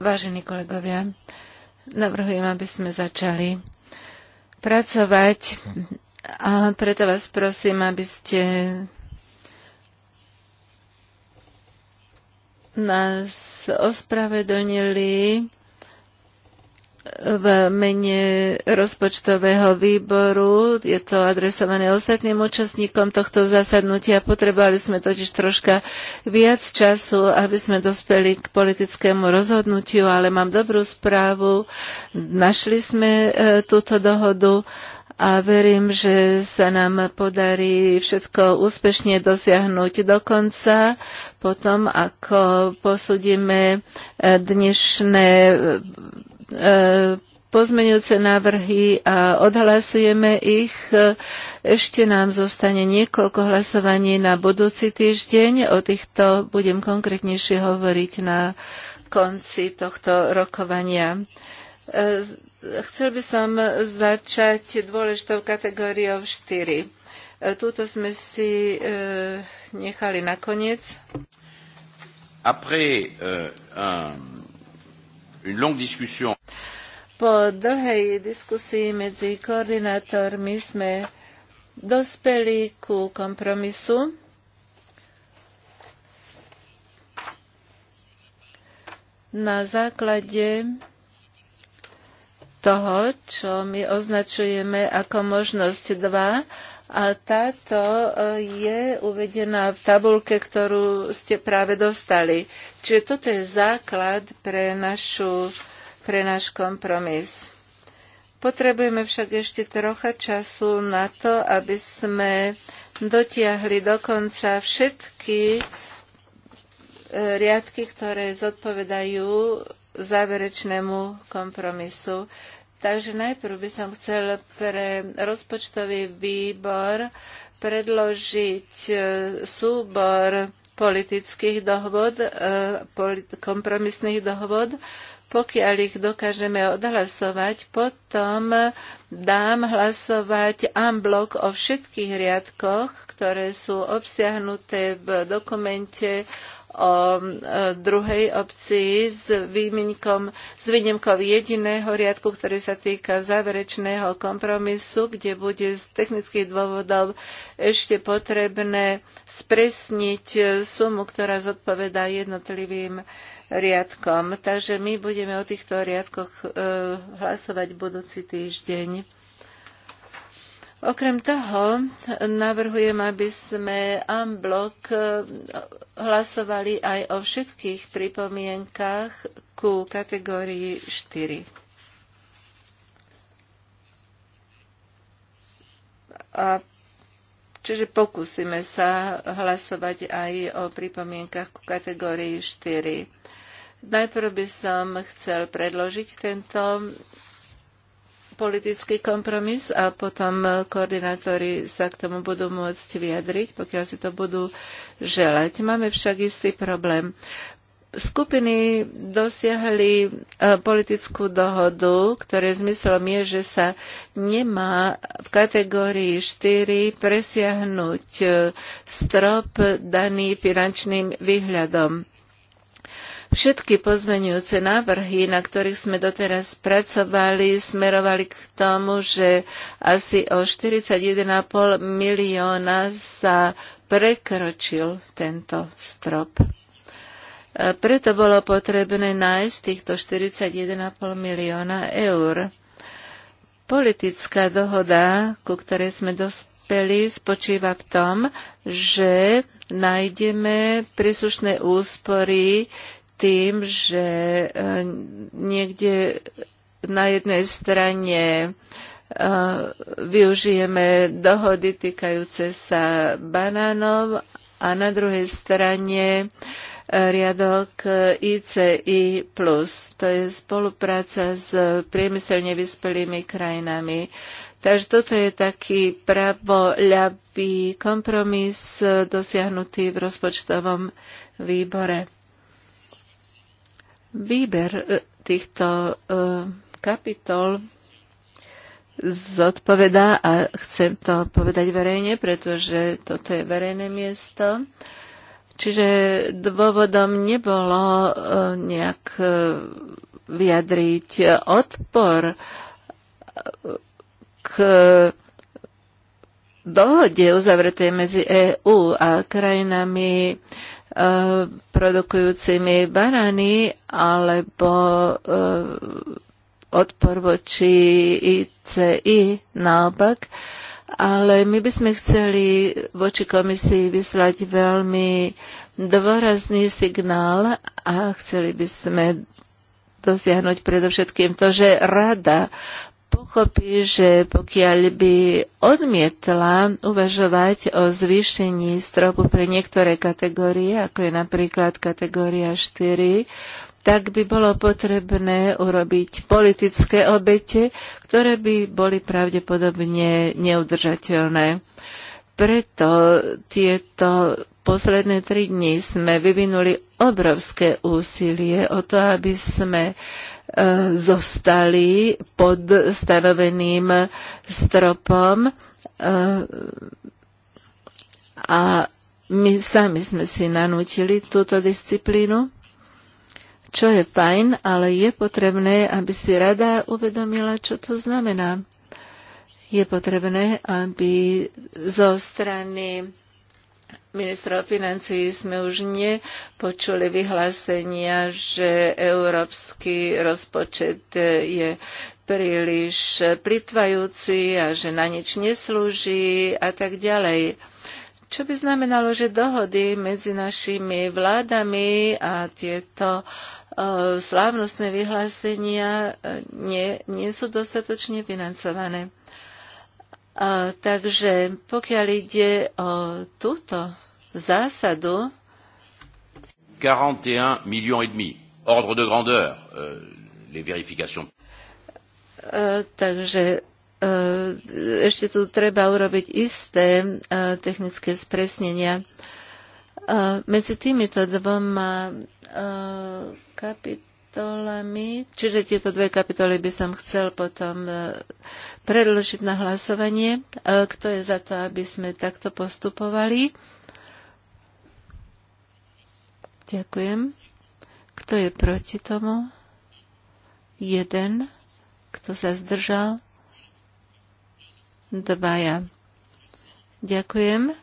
Vážení kolegovia, navrhujem, aby sme začali pracovať a preto vás prosím, aby ste nás ospravedlnili v mene rozpočtového výboru. Je to adresované ostatným účastníkom tohto zasadnutia. Potrebovali sme totiž troška viac času, aby sme dospeli k politickému rozhodnutiu, ale mám dobrú správu. Našli sme e, túto dohodu a verím, že sa nám podarí všetko úspešne dosiahnuť do konca, potom ako posúdime e, dnešné E, pozmeňujúce návrhy a odhlasujeme ich. E, ešte nám zostane niekoľko hlasovaní na budúci týždeň. O týchto budem konkrétnejšie hovoriť na konci tohto rokovania. E, chcel by som začať dôležitou kategóriou 4. Túto sme si nechali nakoniec. Après euh, un une longue discussion. Po dlhej diskusii medzi koordinátormi sme dospeli ku kompromisu. Na základe toho, čo my označujeme ako možnosť 2, a táto e, je uvedená v tabulke, ktorú ste práve dostali. Čiže toto je základ pre, našu, pre náš kompromis. Potrebujeme však ešte trocha času na to, aby sme dotiahli dokonca všetky e, riadky, ktoré zodpovedajú záverečnému kompromisu. Takže najprv by som chcel pre rozpočtový výbor predložiť e, súbor politických dohod, e, kompromisných dohod. Pokiaľ ich dokážeme odhlasovať, potom dám hlasovať unblock o všetkých riadkoch, ktoré sú obsiahnuté v dokumente o um, eh, druhej opcii s, výmenkom, s výnimkou jediného riadku, ktorý sa týka záverečného kompromisu, kde bude z technických dôvodov ešte potrebné spresniť eh, sumu, ktorá zodpovedá jednotlivým riadkom. Takže my budeme o týchto riadkoch eh, hlasovať budúci týždeň. Okrem toho navrhujem, aby sme Amblok eh, hlasovali aj o všetkých pripomienkach ku kategórii 4. A čiže pokúsime sa hlasovať aj o pripomienkach ku kategórii 4. Najprv by som chcel predložiť tento politický kompromis a potom e, koordinátori sa k tomu budú môcť vyjadriť, pokiaľ si to budú želať. Máme však istý problém skupiny dosiahli e, politickú dohodu, ktoré zmyslom je, že sa nemá v kategórii 4 presiahnuť e, strop daný finančným výhľadom. Všetky pozmeňujúce návrhy, na ktorých sme doteraz pracovali, smerovali k tomu, že asi o 41,5 milióna sa prekročil tento strop. E, preto bolo potrebné nájsť týchto 41,5 milióna eur. Politická dohoda, ku ktorej sme dospeli, spočíva v tom, že nájdeme príslušné úspory tým, že e, niekde na jednej strane e, využijeme dohody týkajúce sa banánov a na druhej strane e, riadok ICI+. To je spolupráca s priemyselne vyspelými krajinami. Takže toto je taký pravoľavý kompromis dosiahnutý v rozpočtovom výbore. Výber e, týchto e, kapitol zodpovedá a chcem to povedať verejne, pretože toto je verejné miesto. Čiže dôvodom nebolo e, nejak vyjadriť odpor k dohode uzavretej medzi EÚ a krajinami Eh, produkujúcimi barany alebo eh, odpor voči ICI naopak, ale my by sme chceli voči komisii vyslať veľmi dôrazný signál a chceli by sme dosiahnuť predovšetkým to, že rada pochopí, že pokiaľ by odmietla uvažovať o zvýšení stropu pre niektoré kategórie, ako je napríklad kategória 4, tak by bolo potrebné urobiť politické obete, ktoré by boli pravdepodobne neudržateľné. Preto tieto posledné tri dni sme vyvinuli obrovské úsilie o to, aby sme zostali pod stanoveným stropom e, a my sami sme si nanútili túto disciplínu, čo je fajn, ale je potrebné, aby si rada uvedomila, čo to znamená. Je potrebné, aby zo strany ministra financí sme už nepočuli vyhlásenia, že európsky rozpočet je príliš plitvajúci a že na nič neslúži a tak ďalej čo by znamenalo, že dohody medzi našimi vládami a tieto e, slávnostné vyhlásenia e, nie, nie sú dostatočne financované. A, takže pokiaľ ide o túto zásadu, 41 milión et demi, ordre de grandeur, euh, les vérifications. Uh, takže uh, ešte tu treba urobiť isté uh, technické spresnenia. Medzi týmito dvoma kapit kapitolami, čiže tieto dve kapitoly by som chcel potom e, predložiť na hlasovanie. E, kto je za to, aby sme takto postupovali? Ďakujem. Kto je proti tomu? Jeden. Kto sa zdržal? Dvaja. Ďakujem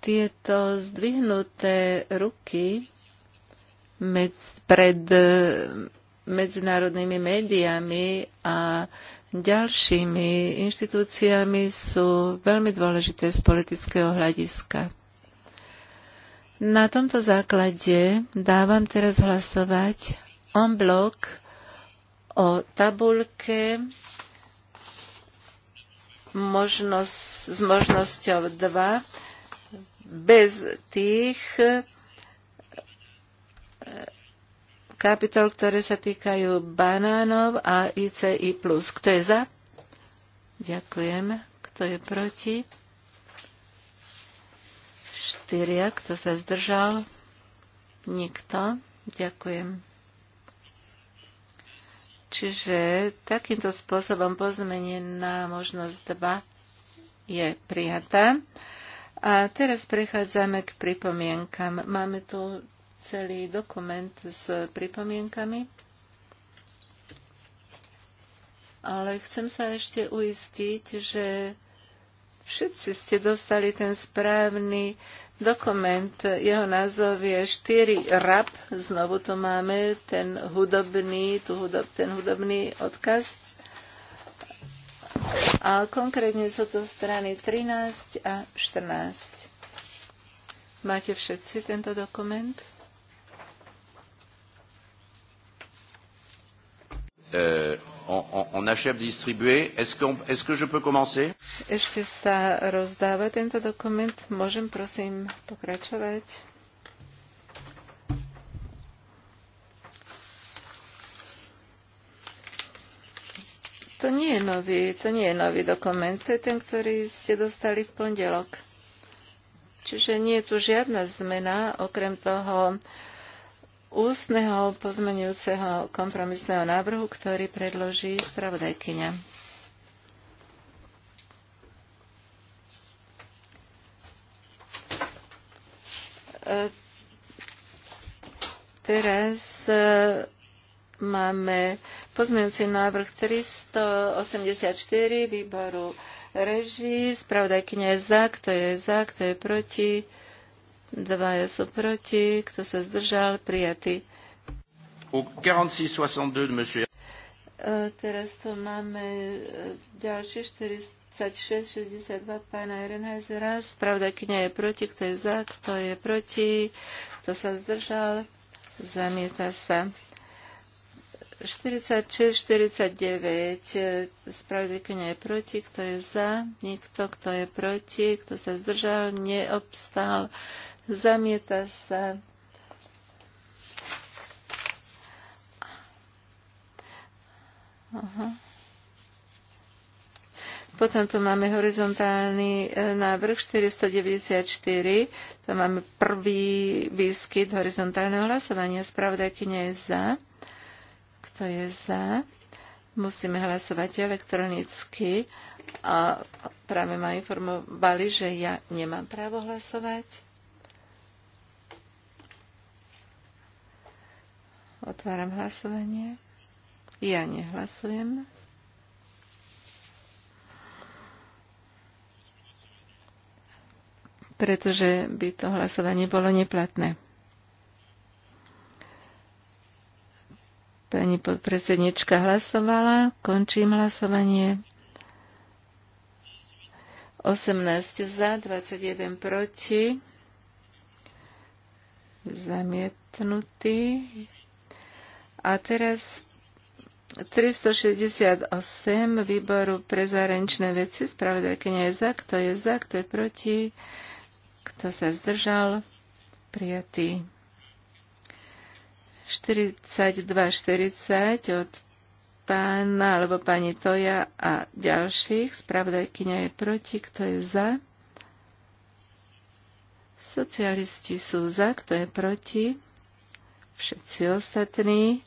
tieto zdvihnuté ruky medz, pred eh, medzinárodnými médiami a ďalšími inštitúciami sú veľmi dôležité z politického hľadiska. Na tomto základe dávam teraz hlasovať en blok o tabulke možnosť, s možnosťou 2 bez tých kapitol, ktoré sa týkajú banánov a ICI+. Kto je za? Ďakujem. Kto je proti? Štyria. Kto sa zdržal? Nikto. Ďakujem. Čiže takýmto spôsobom pozmenená možnosť 2 je prijatá. A teraz prechádzame k pripomienkam. Máme tu celý dokument s pripomienkami. Ale chcem sa ešte uistiť, že všetci ste dostali ten správny dokument. Jeho názov je 4 rap. Znovu to máme ten hudobný, tu hudob, ten hudobný odkaz. A konkrétne sú to strany 13 a 14. Máte všetci tento dokument? Uh, on, on, on achève de distribuer. Est-ce qu est que je peux commencer? Ešte sa rozdáva tento dokument. Môžem prosím pokračovať? To nie je nový, to nie je nový dokument. To je ten, ktorý ste dostali v pondelok. Čiže nie je tu žiadna zmena, okrem toho, ústneho pozmenujúceho kompromisného návrhu, ktorý predloží spravodajkyňa. E, teraz e, máme pozmeňujúci návrh 384 výboru reží. Spravodajkyňa je za, kto je za, kto je proti. Dvaja sú proti. Kto sa zdržal? Prijatý. Au 46-62 de monsieur... E, teraz to máme uh, ďalšie 46-62 pána Ehrenheisera. Spravdakňa je proti. Kto je za? Kto je proti? Kto sa zdržal? Zamieta sa. 46-49. E, Spravodajkynia je proti, kto je za, nikto, kto je proti, kto sa zdržal, Neobstal zamieta sa. Aha. Potom tu máme horizontálny e, návrh 494. To máme prvý výskyt horizontálneho hlasovania. Spravodajkynia je za. Kto je za? Musíme hlasovať elektronicky. A práve ma informovali, že ja nemám právo hlasovať. Otváram hlasovanie. Ja nehlasujem. pretože by to hlasovanie bolo neplatné. Pani podpredsednička hlasovala, končím hlasovanie. 18 za, 21 proti. Zamietnutý. A teraz 368 výboru pre zahraničné veci, spravodajkynia je za, kto je za, kto je proti, kto sa zdržal, prijatý. 42 od pána alebo pani Toja a ďalších. Spravodajkynia je proti, kto je za. Socialisti sú za, kto je proti. Všetci ostatní.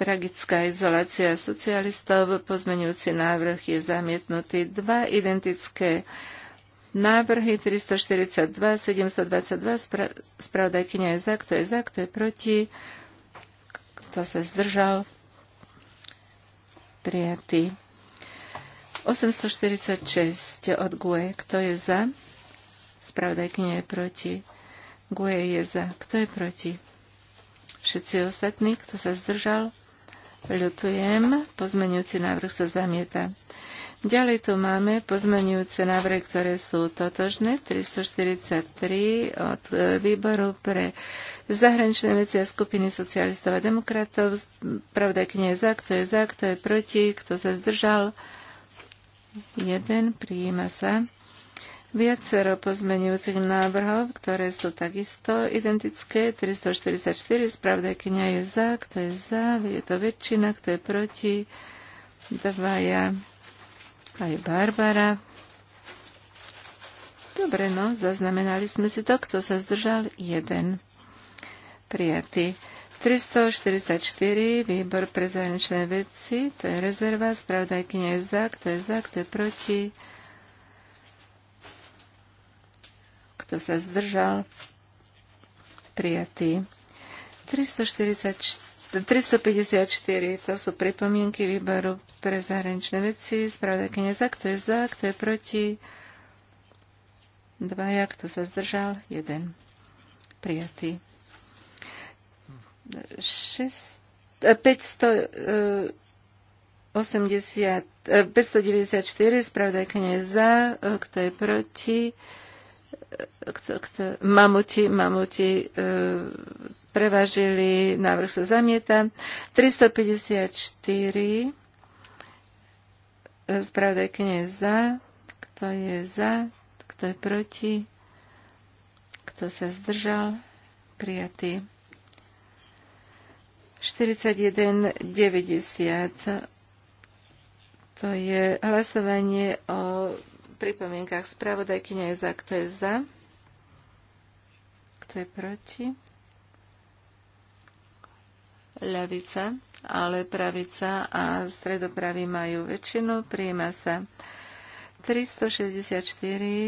Tragická izolácia socialistov, pozmenujúci návrh je zamietnutý. Dva identické návrhy 342, 722, spra- spravodajkynia je za, kto je za, kto je proti, kto sa zdržal, prijatý. 846 od GUE, kto je za, spravodajkynia je proti, GUE je za, kto je proti, všetci ostatní, kto sa zdržal, Ľutujem, pozmenujúci návrh sa zamieta. Ďalej tu máme pozmenujúce návrhy, ktoré sú totožné. 343 od e, výboru pre zahraničné veci a skupiny socialistov a demokratov. Pravda, knie je za, kto je za, kto je proti, kto sa zdržal. Jeden, prijíma sa viacero pozmenujúcich návrhov, ktoré sú takisto identické. 344, kniha je za, kto je za, je to väčšina, kto je proti, dvaja, aj Barbara. Dobre, no, zaznamenali sme si to, kto sa zdržal, jeden. Prijatý. 344, výbor pre zahraničné veci, to je rezerva, kniha je za, kto je za, kto je proti, Kto sa zdržal? Prijatý. 344 354, to sú pripomienky výboru pre zahraničné veci, spravodajkyne za, kto je za, kto je proti, dvaja, kto sa zdržal, jeden, prijatý. 6, 500, 80, 594, je za, e, kto je proti, mamuti, mamuti e, prevažili, návrh sa zamieta. 354 e, spravodajkyne je za, kto je za, kto je proti, kto sa zdržal, prijatý. 41.90 to je hlasovanie o pripomienkach spravodajkyňa je za, kto je za, kto je proti. Ľavica, ale pravica a stredopravy majú väčšinu, prijíma sa 364,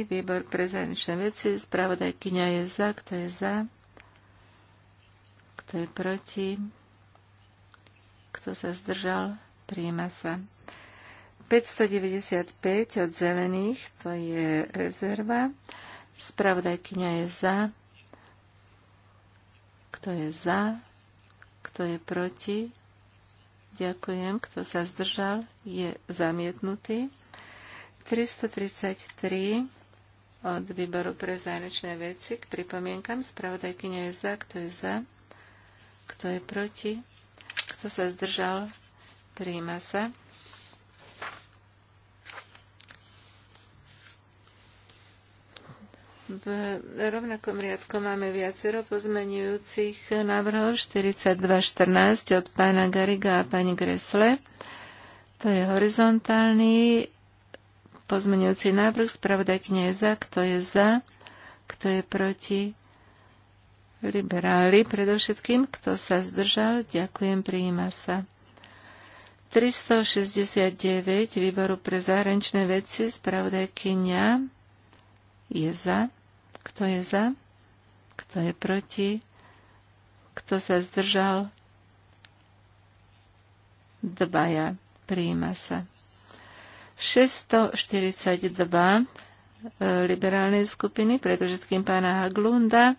výbor pre zahraničné veci, spravodajkyňa je za, kto je za, kto je proti, kto sa zdržal, prijíma sa. 595 od zelených, to je rezerva. Spravodajkyňa je za. Kto je za? Kto je proti? Ďakujem. Kto sa zdržal, je zamietnutý. 333 od výboru pre zahraničné veci k pripomienkam. Spravodajkyňa je za. Kto je za? Kto je proti? Kto sa zdržal? Príjma sa. V rovnakom riadku máme viacero pozmenujúcich návrhov 4214 od pána Gariga a pani Gresle. To je horizontálny pozmenujúci návrh. Spravodajkne je za, kto je za, kto je proti. Liberáli predovšetkým, kto sa zdržal, ďakujem, prijíma sa. 369 výboru pre zahraničné veci, spravodajkyňa je za kto je za? Kto je proti? Kto sa zdržal? Dbaja. Prijíma sa. 642 e, liberálnej skupiny, predovšetkým pána Haglunda.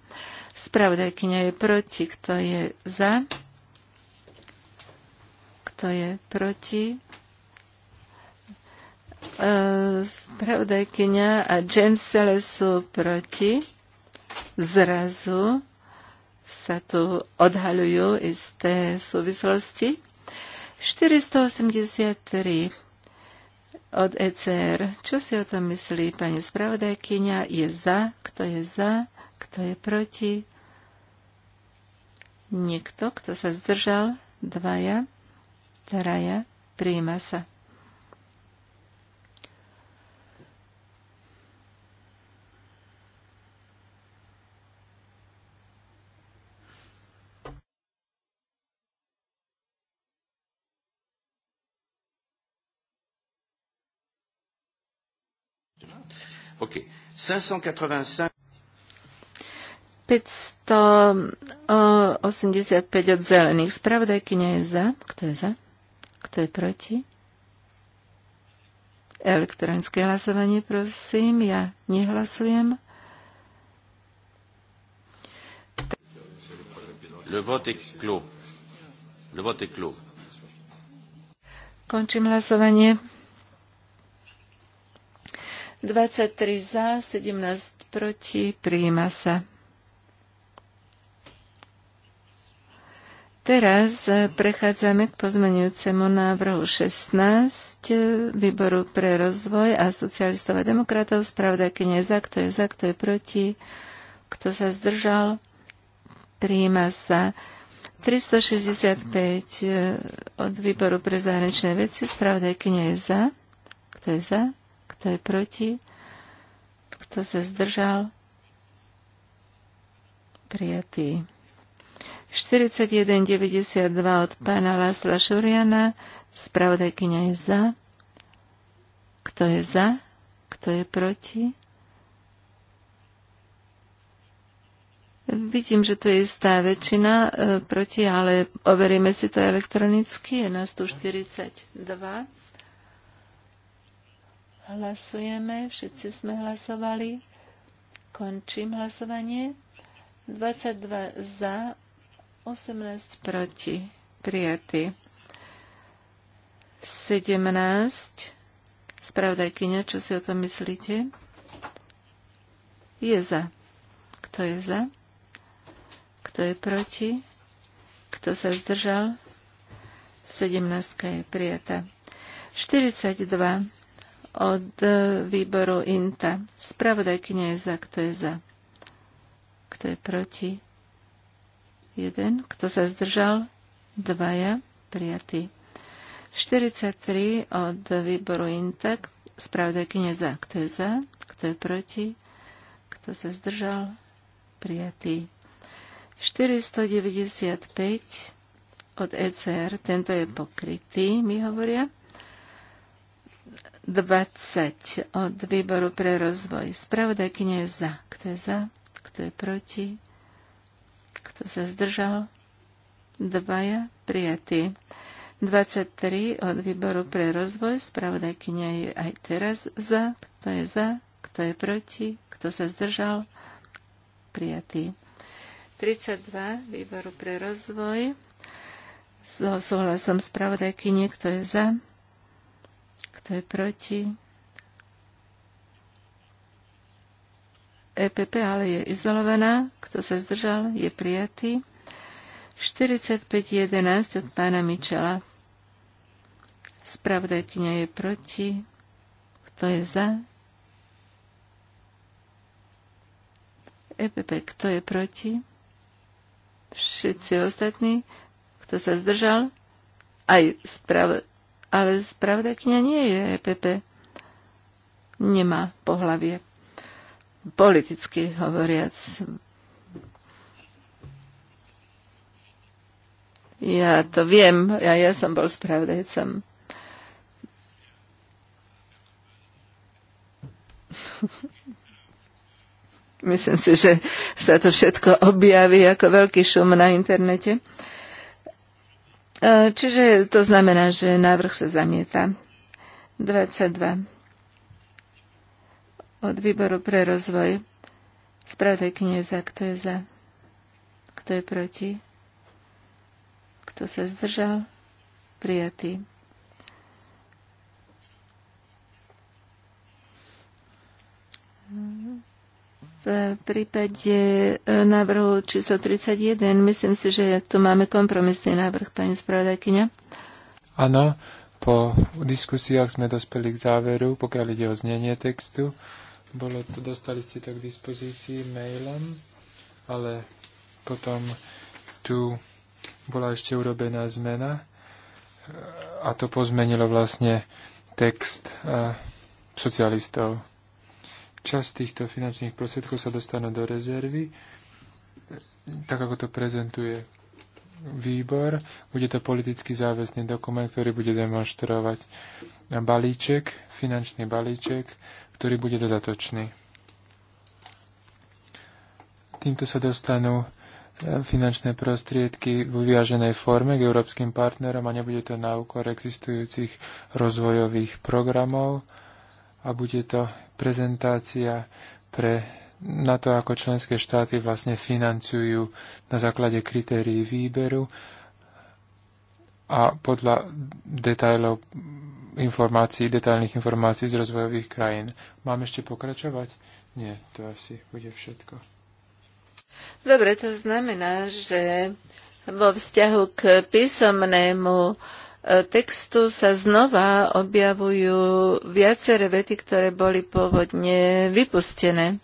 spravodajkynia je proti. Kto je za? Kto je proti? Spravodajkyňa a James Selle sú proti. Zrazu sa tu odhaľujú isté súvislosti. 483 od ECR. Čo si o tom myslí pani spravodajkyňa? Je za? Kto je za? Kto je proti? Niekto, kto sa zdržal? Dvaja? Traja? Príjima sa. OK. 585. 585 eh, od zelených. Spravodajky nie je za. Kto je za? Kto je proti? Elektronické hlasovanie, prosím. Ja nehlasujem. Le vote est clos. Le vote est clos. Končím hlasovanie. 23 za, 17 proti, prijíma sa. Teraz prechádzame k pozmenujúcemu návrhu 16 Výboru pre rozvoj a socialistov a demokratov. Spravodajkyne je za, kto je za, kto je proti, kto sa zdržal. Prijíma sa 365 eh, od Výboru pre zahraničné veci. nie je za. Kto je za? Kto je proti? Kto sa zdržal? Prijatý. 41,92 od pána Lasla Šuriana. Spravodajkyňa je za. Kto je za? Kto je proti? Vidím, že to je istá väčšina e, proti, ale overíme si to elektronicky. Je nás tu 42. Hlasujeme, všetci sme hlasovali. Končím hlasovanie. 22 za, 18 proti. Prijatý. 17. Spravodajkyňa, čo si o tom myslíte? Je za. Kto je za? Kto je proti? Kto sa zdržal? 17 je prijatá. 42 od výboru INTA. Spravodajkynia je za, kto je za. Kto je proti? Jeden. Kto sa zdržal? Dvaja. Prijatý. 43 od výboru INTA. je za. Kto je za? Kto je proti? Kto sa zdržal? Prijatý. 495 od ECR. Tento je pokrytý, mi hovoria. 20 od výboru pre rozvoj. Spravodajkynia je za. Kto je za? Kto je proti? Kto sa zdržal? Dvaja prijatí. 23 od výboru pre rozvoj. Spravodajkynia je aj teraz za. Kto je za? Kto je proti? Kto sa zdržal? Prijatý. 32 výboru pre rozvoj. So súhlasom spravodajky niekto je za, kto je proti? EPP ale je izolovaná. Kto sa zdržal, je prijatý. 45.11 od pána Mičela. Spravodajkynia je proti. Kto je za? EPP, kto je proti? Všetci ostatní. Kto sa zdržal? Aj spravo- ale spravda kňa nie je Pepe. Nemá pohlavie. Politicky hovoriac. Ja to viem, ja, ja som bol spravdajcom. Myslím si, že sa to všetko objaví ako veľký šum na internete. E, čiže to znamená, že návrh sa zamieta. 22. Od výboru pre rozvoj. Spravdaj knieza, kto je za, kto je proti, kto sa zdržal, prijatý. Mm-hmm. V prípade e, návrhu číslo 31 myslím si, že tu máme kompromisný návrh, pani spravodajkyňa. Áno, po diskusiách sme dospeli k záveru, pokiaľ ide o znenie textu. Bolo to, dostali ste to k dispozícii mailom, ale potom tu bola ešte urobená zmena e, a to pozmenilo vlastne text e, socialistov časť týchto finančných prostriedkov sa dostane do rezervy, tak ako to prezentuje výbor. Bude to politicky záväzný dokument, ktorý bude demonstrovať balíček, finančný balíček, ktorý bude dodatočný. Týmto sa dostanú e, finančné prostriedky v uviaženej forme k európskym partnerom a nebude to na úkor existujúcich rozvojových programov a bude to prezentácia pre, na to, ako členské štáty vlastne financujú na základe kritérií výberu a podľa detajlov informácií, detailných informácií z rozvojových krajín. Mám ešte pokračovať? Nie, to asi bude všetko. Dobre, to znamená, že vo vzťahu k písomnému textu sa znova objavujú viaceré vety, ktoré boli pôvodne vypustené.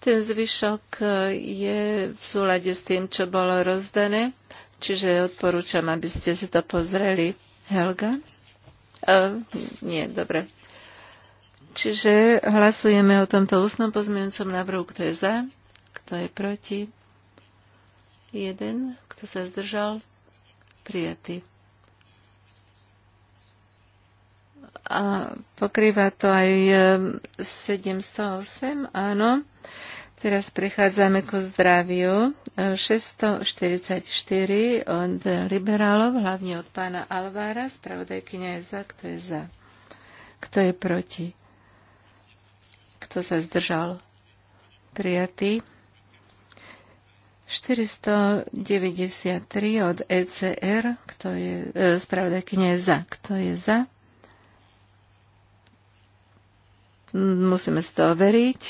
Ten zvyšok je v súlade s tým, čo bolo rozdané, čiže odporúčam, aby ste si to pozreli. Helga? Uh, nie, dobre. Čiže hlasujeme o tomto ústnom pozmeňujúcom návrhu, kto je za, kto je proti. Jeden, kto sa zdržal, prijatý. a pokrýva to aj 708, áno. Teraz prechádzame ku zdraviu. 644 e, od liberálov, hlavne od pána Alvára. Spravodajkynia je za, kto je za. Kto je proti? Kto sa zdržal? Prijatý. 493 od ECR, kto je, e, spravodajkynia je za. Kto je za? Musíme si to overiť.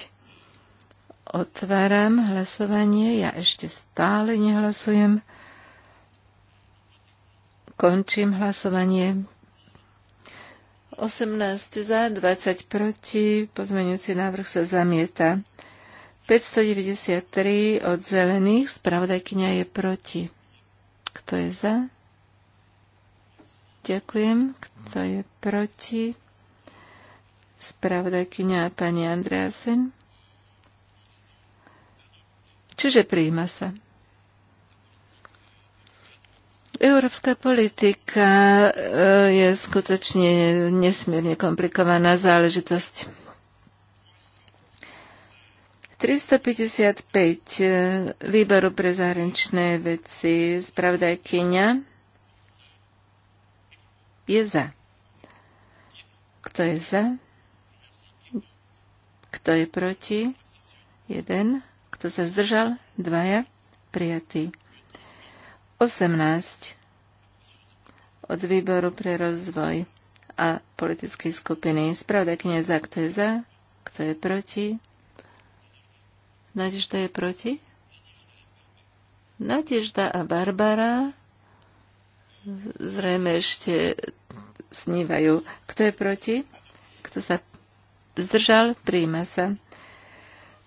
Otváram hlasovanie. Ja ešte stále nehlasujem. Končím hlasovanie. 18 za, 20 proti. Pozmeňujúci návrh sa zamieta. 593 od zelených. Spravodajkynia je proti. Kto je za? Ďakujem. Kto je proti? spravodajkyňa pani Andreasen. Čiže prijíma sa. Európska politika e, je skutočne nesmierne komplikovaná záležitosť. 355 e, výboru pre zahraničné veci spravodajkyňa je za. Kto je za? Kto je proti? Jeden. Kto sa zdržal? Dvaja. Prijatý. 18. Od výboru pre rozvoj a politickej skupiny. Spravda kniaza, kto je za, kto je proti. Nadežda je proti? Nadežda a Barbara zrejme ešte snívajú. Kto je proti? Kto sa zdržal, príjme sa.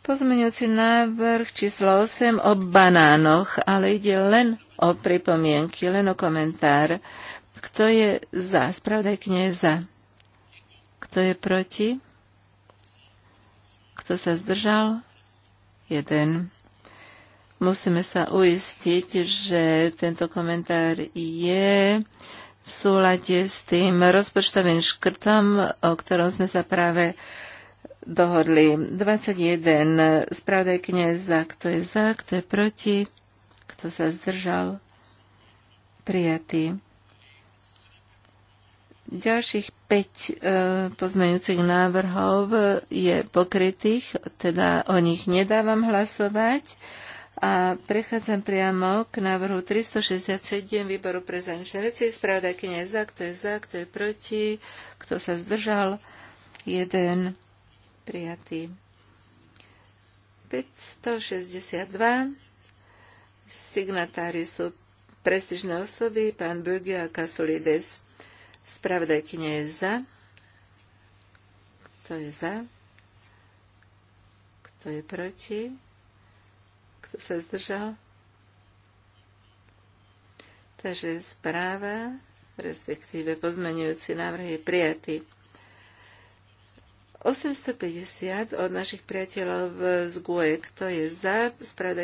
Pozmeňujúci návrh číslo 8 o banánoch, ale ide len o pripomienky, len o komentár. Kto je za? Spravodajkňa je za. Kto je proti? Kto sa zdržal? Jeden. Musíme sa uistiť, že tento komentár je uh, v súlade s tým rozpočtovým škrtom, o ktorom sme sa práve dohodli. 21. spravdaj kniaza, Kto je za? Kto je proti? Kto sa zdržal? Prijatý. Ďalších 5 e, pozmeňujúcich návrhov je pokrytých, teda o nich nedávam hlasovať. A prechádzam priamo k návrhu 367 výboru pre zahraničné veci. Spravodajkynia je za, kto je za, kto je proti, kto sa zdržal. Jeden prijatý. 562. Signatári sú prestižné osoby, pán Burgio a Kasulides. Spravodajkynia je za. Kto je za? Kto je proti? Kto sa zdržal? Takže správa, respektíve pozmeňujúci návrh je prijatý. 850 od našich priateľov z GUE. Kto je za?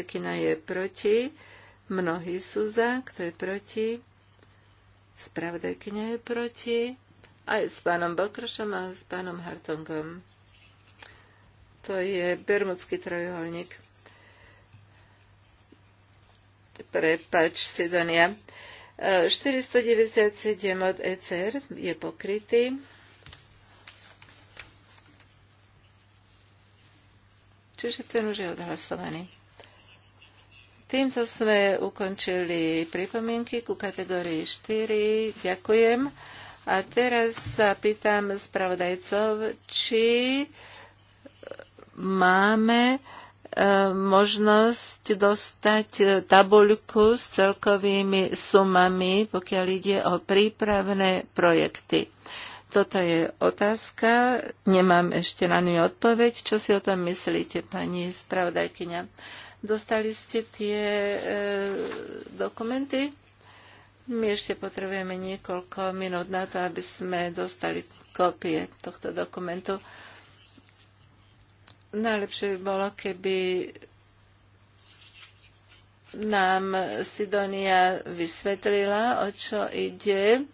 kina je proti. Mnohí sú za. Kto je proti? kina je proti. Aj s pánom Bokrošom a s pánom Hartongom. To je bermudský trojuholník prepač, Sidonia. 497 e, od ECR je pokrytý. Čiže ten už je odhlasovaný. Týmto sme ukončili pripomienky ku kategórii 4. Ďakujem. A teraz sa pýtam spravodajcov, či máme E, možnosť dostať e, tabuľku s celkovými sumami, pokiaľ ide o prípravné projekty. Toto je otázka, nemám ešte na ňu odpoveď. Čo si o tom myslíte, pani spravodajkyňa? Dostali ste tie e, dokumenty? My ešte potrebujeme niekoľko minút na to, aby sme dostali kópie tohto dokumentu. E, Najlepšie by bolo, keby nám Sidonia vysvetlila, o čo ide.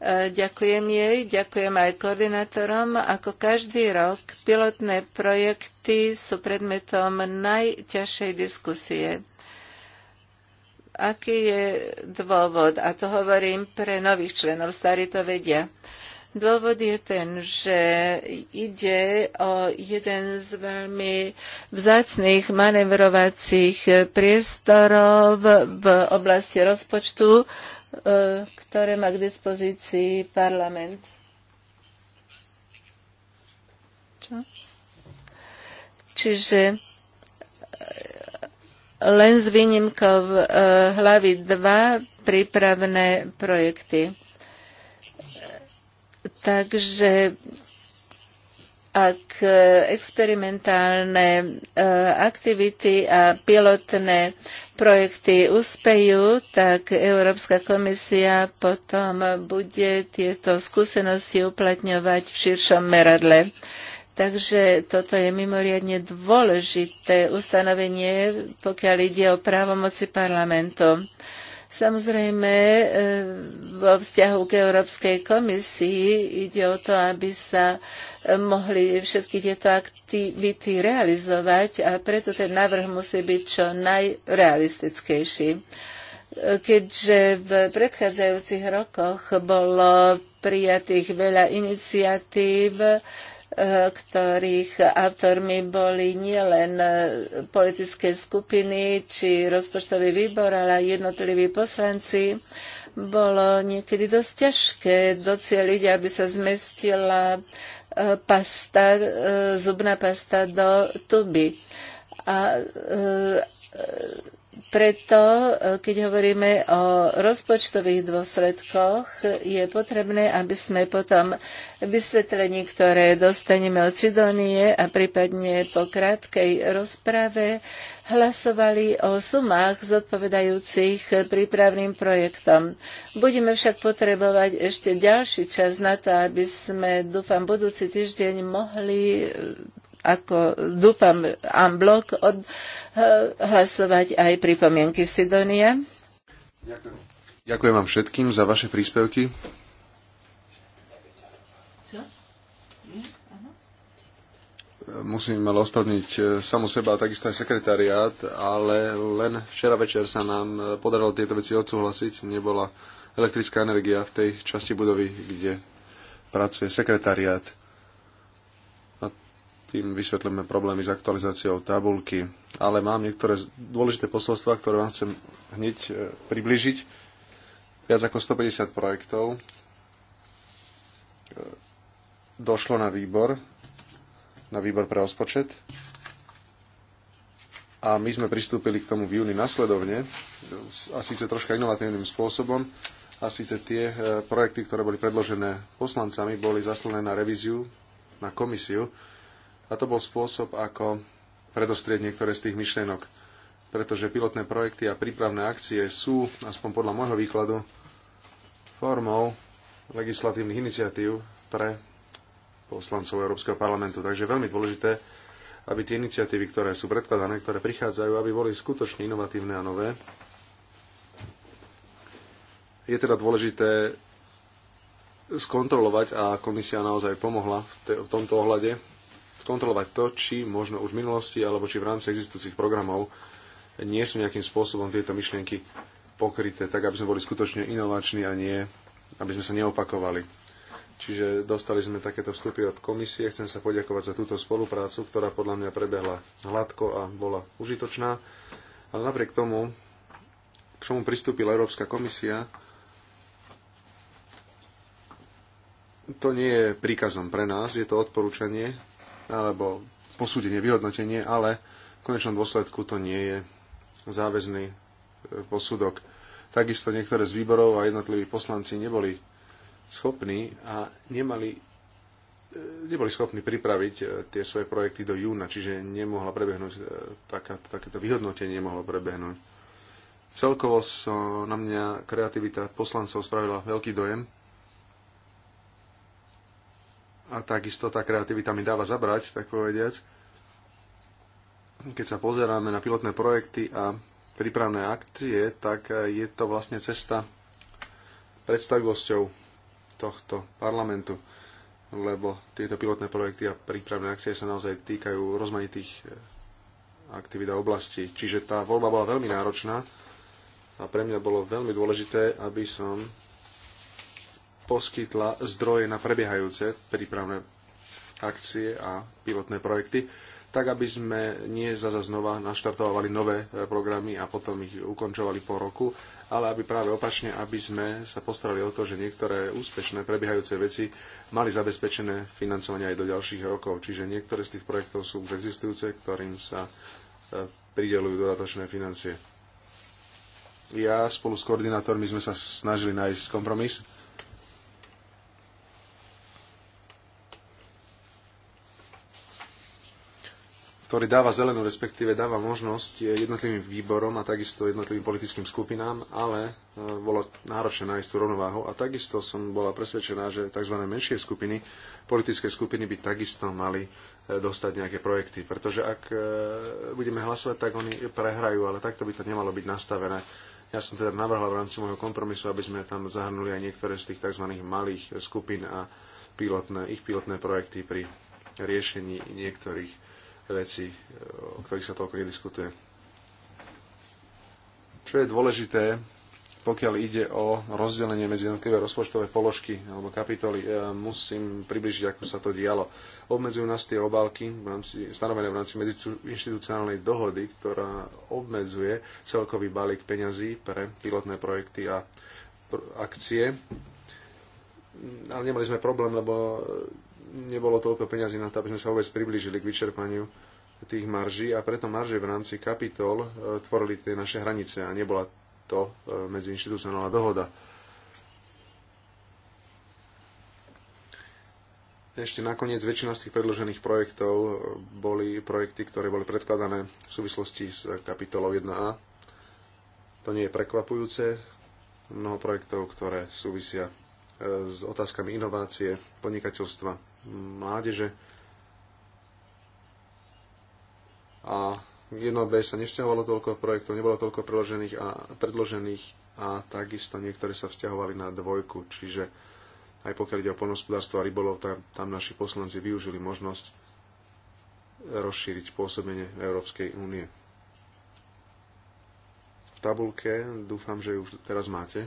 E, ďakujem jej, ďakujem aj koordinátorom. Ako každý rok, pilotné projekty sú predmetom najťažšej diskusie. Aký je dôvod? A to hovorím pre nových členov, starí to vedia. Dôvod je ten, že ide o jeden z veľmi vzácných manevrovacích priestorov v oblasti rozpočtu, e, ktoré má k dispozícii parlament. Čo? Čiže e, len s výnimkou e, hlavy 2 prípravné projekty. Takže ak e, experimentálne e, aktivity a pilotné projekty uspejú, tak Európska komisia potom bude tieto skúsenosti uplatňovať v širšom meradle. Takže toto je mimoriadne dôležité ustanovenie, pokiaľ ide o právomoci parlamentu. Samozrejme, e, vo vzťahu k Európskej komisii ide o to, aby sa e, mohli všetky tieto aktivity realizovať a preto ten návrh musí byť čo najrealistickejší. E, keďže v predchádzajúcich rokoch bolo prijatých veľa iniciatív, ktorých autormi boli nielen e, politické skupiny či rozpočtový výbor, ale aj jednotliví poslanci, bolo niekedy dosť ťažké docieliť, aby sa zmestila e, pasta, e, zubná pasta do tuby. A preto, e, keď hovoríme o rozpočtových dôsledkoch, je potrebné, aby sme potom vysvetlení, ktoré dostaneme od Sidonie a prípadne po krátkej rozprave hlasovali o sumách zodpovedajúcich prípravným projektom. Budeme však potrebovať ešte ďalší čas na to, aby sme, dúfam, budúci týždeň mohli e, ako dúfam amblok odhlasovať aj pripomienky Sidonia. Ďakujem. Ďakujem vám všetkým za vaše príspevky. musím mal ospravniť e, samo seba a takisto aj sekretariát, ale len včera večer sa nám e, podarilo tieto veci odsúhlasiť. Nebola elektrická energia v tej časti budovy, kde pracuje sekretariát tým vysvetlíme problémy s aktualizáciou tabulky. Ale mám niektoré dôležité posolstva, ktoré vám chcem hneď e, približiť. Viac ako 150 projektov e, došlo na výbor, na výbor pre rozpočet. A my sme pristúpili k tomu v júni nasledovne, e, a síce troška inovatívnym spôsobom. A síce tie projekty, ktoré boli predložené poslancami, boli zaslané na revíziu, na komisiu a to bol spôsob, ako predostrieť niektoré z tých myšlienok. Pretože pilotné projekty a prípravné akcie sú, aspoň podľa môjho výkladu, formou legislatívnych iniciatív pre poslancov Európskeho parlamentu. Takže veľmi dôležité, aby tie iniciatívy, ktoré sú predkladané, ktoré prichádzajú, aby boli skutočne inovatívne a nové. Je teda dôležité skontrolovať a komisia naozaj pomohla v, te, v tomto ohľade kontrolovať to, či možno už v minulosti alebo či v rámci existujúcich programov nie sú nejakým spôsobom tieto myšlienky pokryté, tak aby sme boli skutočne inovační a nie, aby sme sa neopakovali. Čiže dostali sme takéto vstupy od komisie. Chcem sa poďakovať za túto spoluprácu, ktorá podľa mňa prebehla hladko a bola užitočná. Ale napriek tomu, k čomu pristúpila Európska komisia, to nie je príkazom pre nás, je to odporúčanie alebo posúdenie, vyhodnotenie, ale v konečnom dôsledku to nie je záväzný e, posudok. Takisto niektoré z výborov a jednotliví poslanci neboli schopní a nemali e, neboli schopní pripraviť e, tie svoje projekty do júna, čiže nemohla prebehnúť taká, takéto vyhodnotenie nemohlo prebehnúť. Celkovo so na mňa kreativita poslancov spravila veľký dojem a takisto tá kreativita mi dáva zabrať, tak povediac. Keď sa pozeráme na pilotné projekty a prípravné akcie, tak je to vlastne cesta predstavivosťou tohto parlamentu, lebo tieto pilotné projekty a prípravné akcie sa naozaj týkajú rozmanitých eh, aktivít a oblastí. Čiže tá voľba bola veľmi náročná a pre mňa bolo veľmi dôležité, aby som poskytla zdroje na prebiehajúce prípravné akcie a pilotné projekty, tak aby sme nie zaza znova naštartovali nové e, programy a potom ich ukončovali po roku, ale aby práve opačne, aby sme sa postarali o to, že niektoré úspešné prebiehajúce veci mali zabezpečené financovanie aj do ďalších rokov. Čiže niektoré z tých projektov sú už existujúce, ktorým sa e, pridelujú dodatočné financie. Ja spolu s koordinátormi sme sa snažili nájsť kompromis ktorý dáva zelenú, respektíve dáva možnosť jednotlivým výborom a takisto jednotlivým politickým skupinám, ale e, bolo náročné nájsť tú rovnováhu a takisto som bola presvedčená, že tzv. menšie skupiny, politické skupiny by takisto mali e, dostať nejaké projekty, pretože ak e, budeme hlasovať, tak oni prehrajú, ale takto by to nemalo byť nastavené. Ja som teda navrhla v rámci môjho kompromisu, aby sme tam zahrnuli aj niektoré z tých tzv. malých skupín a pilotné, ich pilotné projekty pri riešení niektorých veci, o ktorých sa toľko nediskutuje. Čo je dôležité, pokiaľ ide o rozdelenie medzi jednotlivé rozpočtové položky alebo kapitoly, musím približiť, ako sa to dialo. Obmedzujú nás tie obálky v rámci, stanovené v rámci medziinstitucionálnej dohody, ktorá obmedzuje celkový balík peňazí pre pilotné projekty a akcie. Ale nemali sme problém, lebo nebolo toľko peňazí na to, aby sme sa vôbec priblížili k vyčerpaniu tých marží a preto marže v rámci kapitol e, tvorili tie naše hranice a nebola to e, medziinstitucionálna dohoda. Ešte nakoniec väčšina z tých predložených projektov e, boli projekty, ktoré boli predkladané v súvislosti s kapitolou 1a. To nie je prekvapujúce. Mnoho projektov, ktoré súvisia s otázkami inovácie, podnikateľstva, mládeže. A jedno b sa nevzťahovalo toľko projektov, nebolo toľko predložených a, predložených a takisto niektoré sa vzťahovali na dvojku, čiže aj pokiaľ ide o polnospodárstvo a rybolov, tam, tam naši poslanci využili možnosť rozšíriť pôsobenie Európskej únie. V tabulke, dúfam, že ju už teraz máte.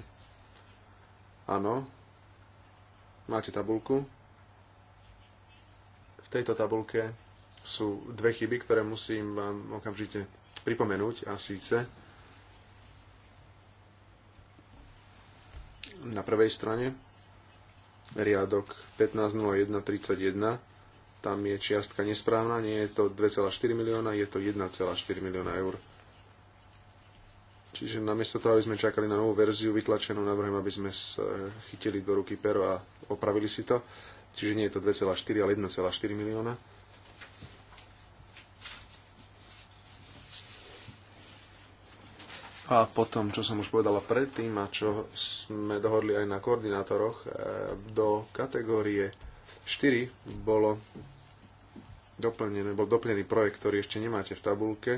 Áno, máte tabulku. V tejto tabulke sú dve chyby, ktoré musím vám okamžite pripomenúť a síce na prvej strane riadok 150131 tam je čiastka nesprávna, nie je to 2,4 milióna, je to 1,4 milióna eur. Čiže namiesto toho, aby sme čakali na novú verziu vytlačenú, navrhujem, aby sme chytili do ruky pero a opravili si to čiže nie je to 2,4, ale 1,4 milióna. A potom, čo som už povedala predtým a čo sme dohodli aj na koordinátoroch, e, do kategórie 4 bolo doplnené, bol doplnený projekt, ktorý ešte nemáte v tabulke,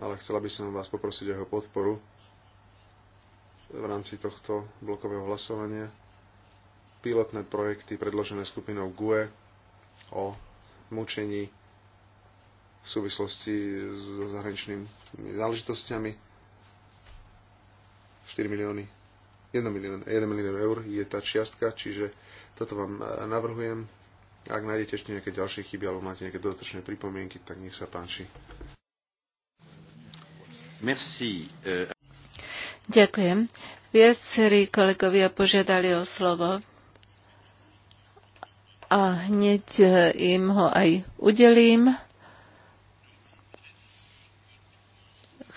ale chcela by som vás poprosiť o jeho podporu v rámci tohto blokového hlasovania pilotné projekty predložené skupinou GUE o mučení v súvislosti so zahraničnými záležitostiami. 4 milióny 1 milión, 1 milión eur je tá čiastka, čiže toto vám e, navrhujem. Ak nájdete ešte nejaké ďalšie chyby alebo máte nejaké dodatočné pripomienky, tak nech sa páči. Merci. E. Ďakujem. Viacerí kolegovia požiadali o slovo a hneď e, im ho aj udelím.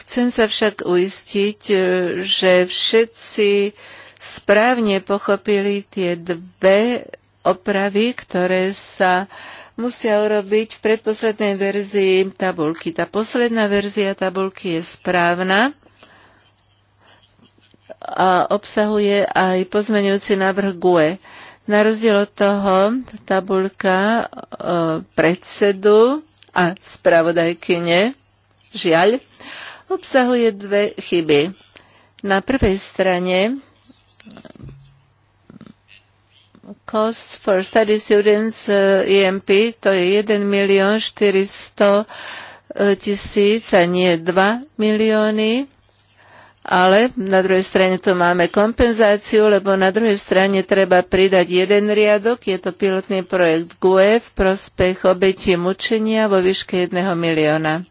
Chcem sa však uistiť, e, že všetci správne pochopili tie dve opravy, ktoré sa musia urobiť v predposlednej verzii tabulky. Tá posledná verzia tabulky je správna a obsahuje aj pozmeňujúci návrh GUE. Na rozdiel od toho tabulka e, predsedu a spravodajkyne, žiaľ, obsahuje dve chyby. Na prvej strane cost for study students EMP, e to je 1 milión 400 e, tisíc a nie 2 milióny ale na druhej strane to máme kompenzáciu, lebo na druhej strane treba pridať jeden riadok, je to pilotný projekt GUE v prospech obetí mučenia vo výške jedného milióna.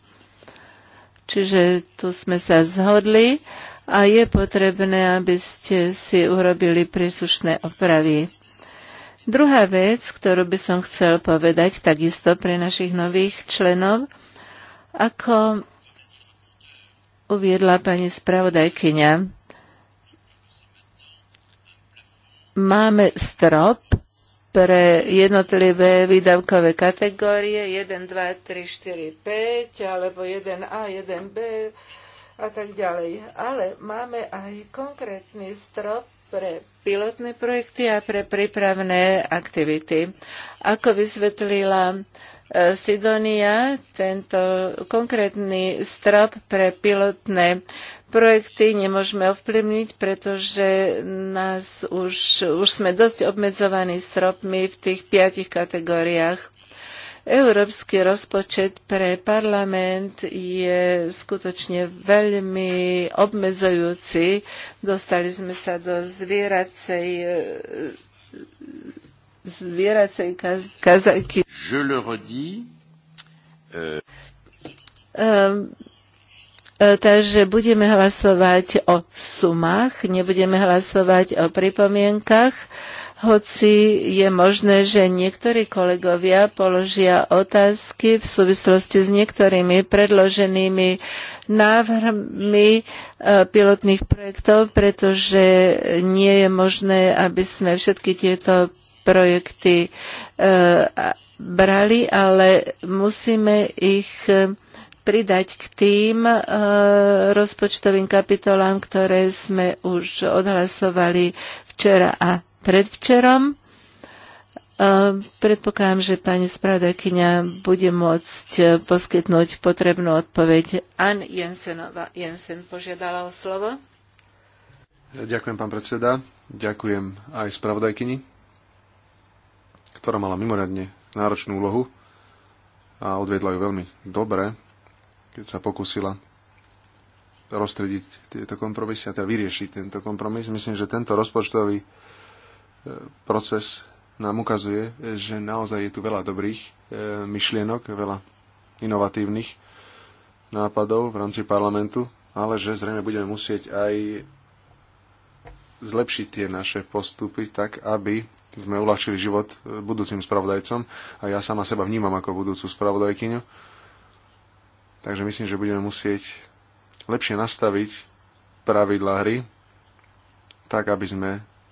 Čiže tu sme sa zhodli a je potrebné, aby ste si urobili príslušné opravy. Druhá vec, ktorú by som chcel povedať takisto pre našich nových členov, ako uviedla pani spravodajkyňa, máme strop pre jednotlivé výdavkové kategórie 1, 2, 3, 4, 5 alebo 1A, 1B a tak ďalej. Ale máme aj konkrétny strop pre pilotné projekty a pre prípravné aktivity. Ako vysvetlila E, Sidonia tento konkrétny strop pre pilotné projekty nemôžeme ovplyvniť, pretože nás už, už sme dosť obmedzovaní stropmi v tých piatich kategóriách. Európsky rozpočet pre parlament je skutočne veľmi obmedzujúci. Dostali sme sa do zvieracej zvieracej kaz- kazajky. Je le redis. Uh... Um, Takže budeme hlasovať o sumách, nebudeme hlasovať o pripomienkach, hoci je možné, že niektorí kolegovia položia otázky v súvislosti s niektorými predloženými návrhmi e, pilotných projektov, pretože nie je možné, aby sme všetky tieto projekty e, brali, ale musíme ich e, pridať k tým e, rozpočtovým kapitolám, ktoré sme už odhlasovali včera a predvčerom. E, predpokladám, že pani spravodajkyňa bude môcť e, poskytnúť potrebnú odpoveď. Ann Jensenova. Jensen požiadala o slovo. Ďakujem, pán predseda. Ďakujem aj spravodajkyni ktorá mala mimoriadne náročnú úlohu a odvedla ju veľmi dobre, keď sa pokúsila rozstrediť tieto kompromisy a teda vyriešiť tento kompromis. Myslím, že tento rozpočtový e, proces nám ukazuje, že naozaj je tu veľa dobrých e, myšlienok, veľa inovatívnych nápadov v rámci parlamentu, ale že zrejme budeme musieť aj zlepšiť tie naše postupy tak, aby sme uľahčili život e, budúcim spravodajcom a ja sama seba vnímam ako budúcu spravodajkyňu. Takže myslím, že budeme musieť lepšie nastaviť pravidlá hry, tak aby sme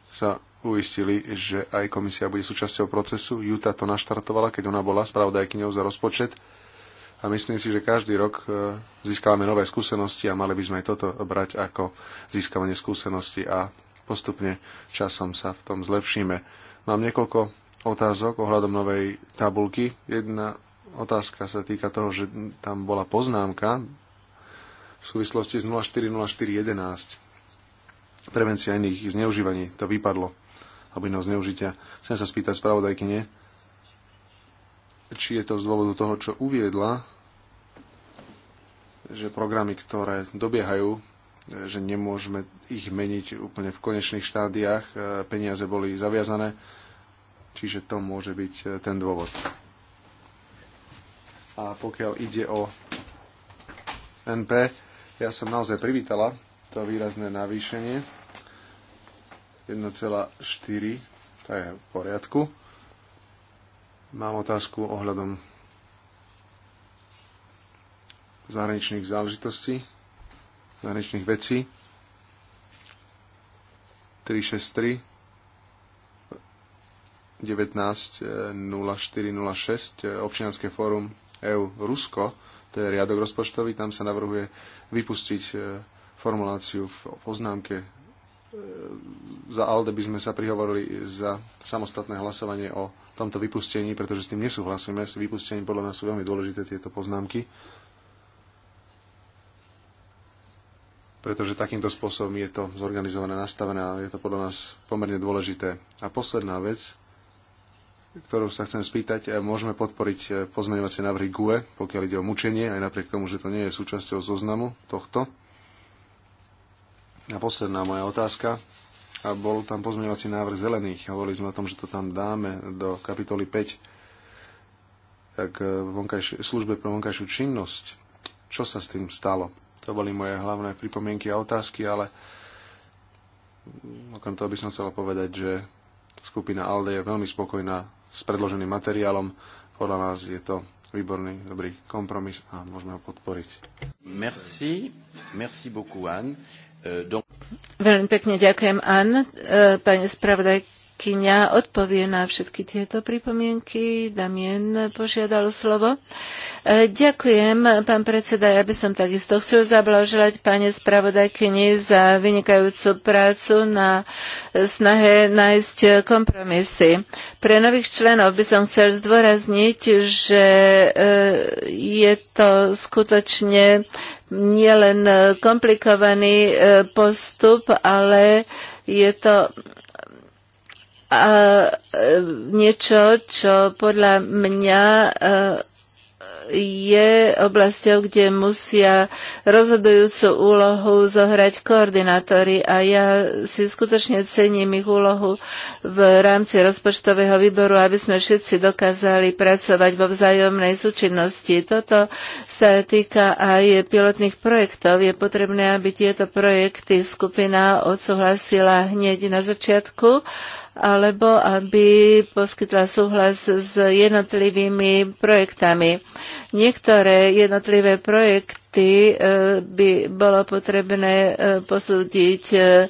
sa uistili, že aj komisia bude súčasťou procesu. Juta to naštartovala, keď ona bola spravodajkyňou za rozpočet. A myslím si, že každý rok e, získavame nové skúsenosti a mali by sme aj toto brať ako získavanie skúsenosti a postupne časom sa v tom zlepšíme. Mám niekoľko otázok ohľadom novej tabulky. Jedna otázka sa týka toho, že tam bola poznámka v súvislosti s 040411. Prevencia iných zneužívaní. To vypadlo. Alebo iného zneužitia. Chcem sa spýtať nie? či je to z dôvodu toho, čo uviedla, že programy, ktoré dobiehajú že nemôžeme ich meniť úplne v konečných štádiách. E, peniaze boli zaviazané, čiže to môže byť e, ten dôvod. A pokiaľ ide o NP, ja som naozaj privítala to výrazné navýšenie. 1,4, to je v poriadku. Mám otázku ohľadom zahraničných záležitostí zahraničných vecí 363 190406 eh, eh, občianske fórum EU Rusko, to je riadok rozpočtový, tam sa navrhuje vypustiť eh, formuláciu v poznámke. Za ALDE by sme sa prihovorili za samostatné hlasovanie o tomto vypustení, pretože s tým nesúhlasíme. S vypustením podľa nás sú veľmi dôležité tieto poznámky. pretože takýmto spôsobom je to zorganizované, nastavené a je to podľa nás pomerne dôležité. A posledná vec, ktorú sa chcem spýtať, e, môžeme podporiť e, pozmeňovacie návrhy GUE, pokiaľ ide o mučenie, aj napriek tomu, že to nie je súčasťou zoznamu tohto. A posledná moja otázka. A bol tam pozmeňovací návrh zelených. Hovorili sme o tom, že to tam dáme do kapitoly 5 k e, službe pre vonkajšiu činnosť. Čo sa s tým stalo? To boli moje hlavné pripomienky a otázky, ale okrem toho by som chcela povedať, že skupina ALDE je veľmi spokojná s predloženým materiálom. Podľa nás je to výborný, dobrý kompromis a môžeme ho podporiť. Merci, merci beaucoup, Anne. Euh, veľmi pekne ďakujem, Anne. Euh, pani spravodajky, kňa odpovie na všetky tieto pripomienky. Damien požiadal slovo. E, ďakujem, pán predseda. Ja by som takisto chcel zablaželať pani spravodajkyni za vynikajúcu prácu na snahe nájsť kompromisy. Pre nových členov by som chcel zdôrazniť, že e, je to skutočne nielen komplikovaný e, postup, ale je to a e, niečo, čo podľa mňa e, je oblasťou, kde musia rozhodujúcu úlohu zohrať koordinátory. a ja si skutočne cením ich úlohu v rámci rozpočtového výboru, aby sme všetci dokázali pracovať vo vzájomnej súčinnosti. Toto sa týka aj pilotných projektov. Je potrebné, aby tieto projekty skupina odsúhlasila hneď na začiatku alebo aby poskytla súhlas s jednotlivými projektami. Niektoré jednotlivé projekty projekty eh, by bolo potrebné eh, posúdiť eh,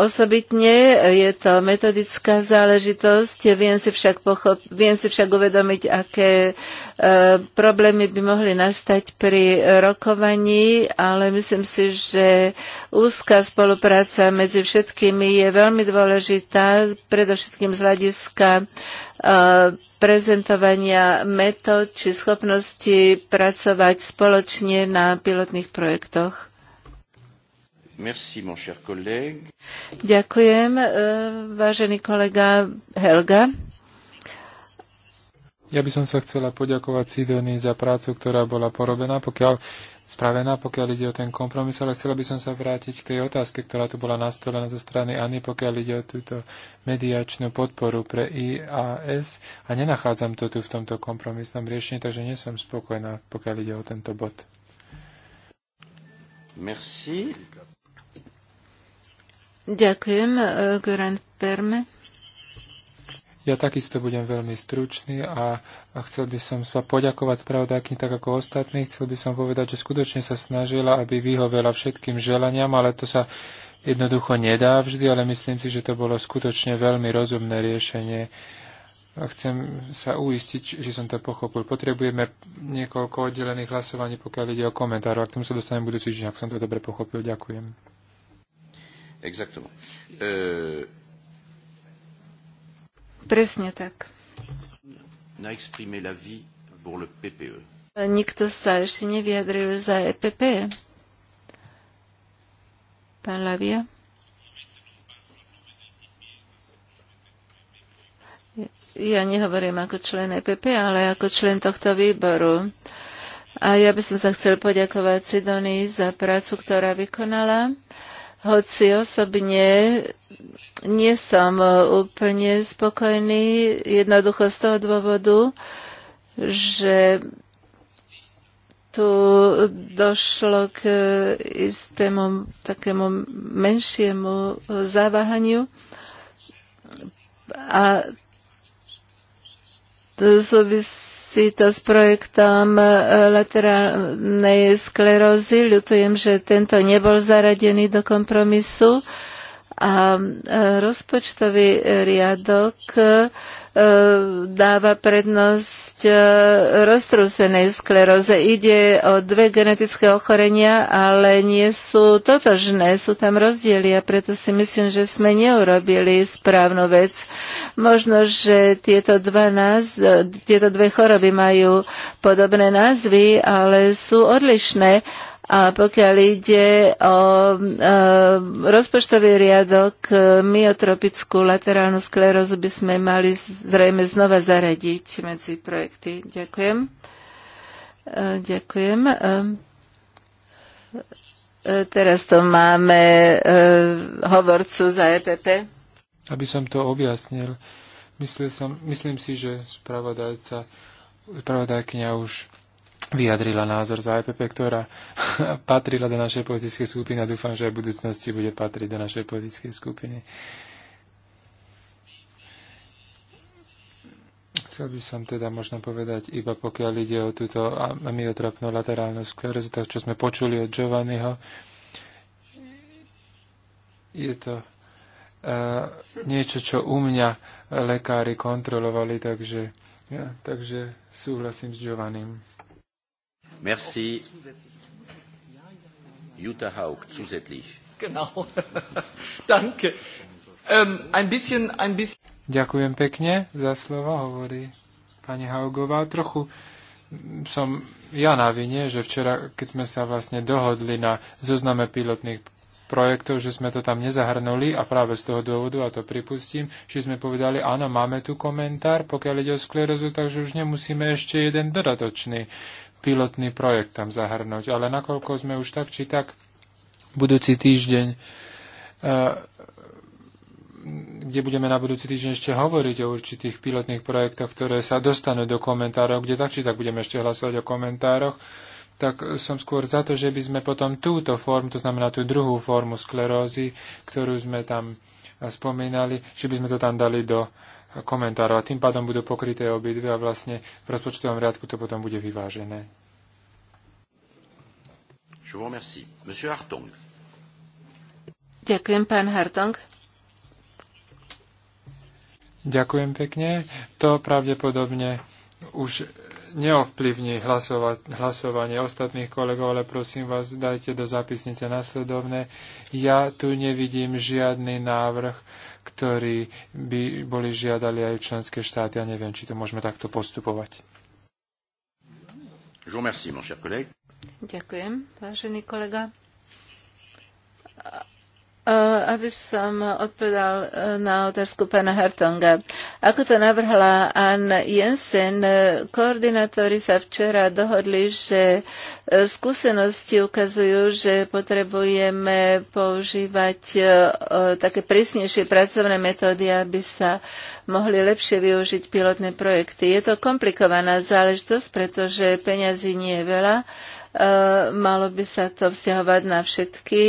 osobitne. Je to metodická záležitosť. Viem si však, pochop, viem si však uvedomiť, aké problémy by mohli nastať pri rokovaní, ale myslím si, že úzka spolupráca medzi všetkými je veľmi dôležitá, predovšetkým z hľadiska E, prezentovania metód či schopnosti pracovať spoločne na pilotných projektoch. Merci, mon cher collègue. Ďakujem, e, vážený kolega Helga. Ja by som sa chcela poďakovať Sidonii za prácu, ktorá bola porobená. Pokiaľ spravená, pokiaľ ide o ten kompromis, ale chcela by som sa vrátiť k tej otázke, ktorá tu bola nastolená zo strany Ani, pokiaľ ide o túto mediačnú podporu pre IAS a nenachádzam to tu v tomto kompromisnom riešení, takže nie som spokojná, pokiaľ ide o tento bod. Merci. Ďakujem, eh, Göran Perme. Ja takisto budem veľmi stručný a, a chcel by som sa poďakovať spravodajkni tak ako ostatní. Chcel by som povedať, že skutočne sa snažila, aby vyhovela všetkým želaniam, ale to sa jednoducho nedá vždy, ale myslím si, že to bolo skutočne veľmi rozumné riešenie. A chcem sa uistiť, že som to pochopil. Potrebujeme niekoľko oddelených hlasovaní, pokiaľ ide o komentáru, A k tomu sa dostanem budúci že ak som to dobre pochopil. Ďakujem. Exactement. Uh... Presne tak. E. Nikto sa ešte nevyjadril za EPP. Pán Lavia? Ja nehovorím ako člen EPP, ale ako člen tohto výboru. A ja by som sa chcel poďakovať Sidonii za prácu, ktorá vykonala. Hoci osobne nie som e, úplne spokojný, jednoducho z toho dôvodu, že tu došlo k istému takému menšiemu zaváhaniu a súvisí súvisí to s projektom e, laterálnej sklerózy. Ľutujem, že tento nebol zaradený do kompromisu. Uh, a e, rozpočtový riadok e, dáva prednosť e, roztrúsenej skleróze. Ide o dve genetické ochorenia, ale nie sú totožné, sú tam rozdiely a preto si myslím, že sme neurobili správnu vec. Možno, že tieto, dva náz- tieto dve choroby majú podobné názvy, ale sú odlišné a pokiaľ ide o e, rozpočtový riadok, e, myotropickú laterálnu sklerózu by sme mali zrejme znova zaradiť medzi projekty. Ďakujem. E, ďakujem. E, e teraz to máme e, hovorcu za EPP. Aby som to objasnil, som, myslím si, že spravodajca, spravodajkňa už vyjadrila názor za EPP, ktorá patrila do našej politickej skupiny a dúfam, že aj v budúcnosti bude patriť do našej politickej skupiny. Chcel by som teda možno povedať, iba pokiaľ ide o túto amiotropnú laterálnu sklerózu, tak čo sme počuli od Giovanniho, je to uh, niečo, čo u mňa lekári kontrolovali, takže, ja, takže súhlasím s Giovannim. Merci. Jutta Haug zusätzlich. Genau. Danke. Ähm, ein bisschen, ein bisschen... Ďakujem pekne za slovo, hovorí pani Haugová. Trochu som ja na vine, že včera, keď sme sa vlastne dohodli na zozname pilotných projektov, že sme to tam nezahrnuli a práve z toho dôvodu, a to pripustím, že sme povedali, áno, máme tu komentár, pokiaľ ide o sklerozu, takže už nemusíme ešte jeden dodatočný pilotný projekt tam zahrnúť. Ale nakoľko sme už tak či tak budúci týždeň, eh, kde budeme na budúci týždeň ešte hovoriť o určitých pilotných projektoch, ktoré sa dostanú do komentárov, kde tak či tak budeme ešte hlasovať o komentároch, tak som skôr za to, že by sme potom túto formu, to znamená tú druhú formu sklerózy, ktorú sme tam eh, spomínali, že by sme to tam dali do komentárov a tým pádom budú pokryté obidve a vlastne v rozpočtovom riadku to potom bude vyvážené. Je vous remercie. Monsieur Hartong. Ďakujem, pán Hartong. Ďakujem pekne. To pravdepodobne už neovplyvní hlasova- hlasovanie ostatných kolegov, ale prosím vás, dajte do zápisnice nasledovné. Ja tu nevidím žiadny návrh, ktorí by boli žiadali aj členské štáty. Ja neviem, či to môžeme takto postupovať. Ďakujem, vážený kolega. E, aby som odpovedal e, na otázku pána Hartonga. Ako to navrhla Ann Jensen, e, koordinátori sa včera dohodli, že skúsenosti ukazujú, že potrebujeme používať také prísnejšie pracovné metódy, aby sa mohli lepšie využiť pilotné projekty. Je to komplikovaná záležitosť, pretože peňazí nie je veľa. Malo by sa to vzťahovať na všetky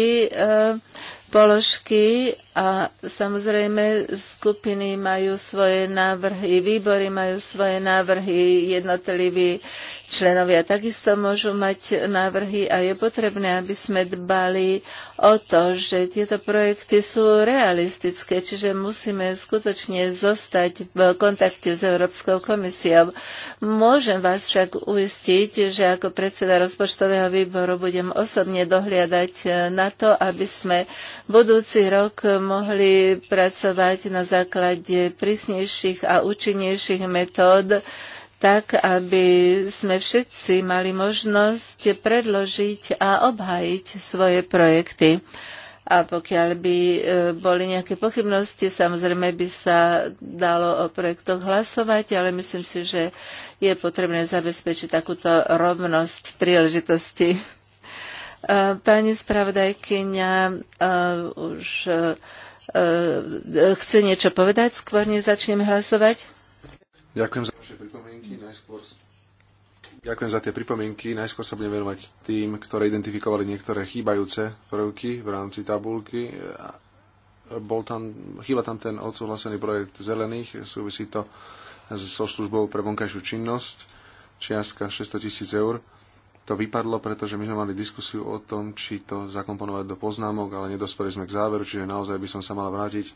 položky a samozrejme skupiny majú svoje návrhy, výbory majú svoje návrhy, jednotliví členovia takisto môžu mať návrhy a je potrebné, aby sme dbali o to, že tieto projekty sú realistické, čiže musíme skutočne zostať v kontakte s Európskou komisiou. Môžem vás však uistiť, že ako predseda rozpočtového výboru budem osobne dohliadať na to, aby sme budúci rok mohli pracovať na základe prísnejších a účinnejších metód, tak aby sme všetci mali možnosť predložiť a obhajiť svoje projekty. A pokiaľ by e, boli nejaké pochybnosti, samozrejme by sa dalo o projektoch hlasovať, ale myslím si, že je potrebné zabezpečiť takúto rovnosť príležitosti. E, pani spravodajkyňa e, už e, chce niečo povedať, skôr než začneme hlasovať. Ďakujem za vaše pripomienky. Najskôr... Ďakujem za tie pripomienky. Najskôr sa budem venovať tým, ktoré identifikovali niektoré chýbajúce prvky v rámci tabulky. Bol tam, chýba tam ten odsúhlasený projekt zelených, súvisí to so službou pre vonkajšiu činnosť, čiastka 600 tisíc eur to vypadlo, pretože my sme mali diskusiu o tom, či to zakomponovať do poznámok, ale nedospeli sme k záveru, čiže naozaj by som sa mal vrátiť k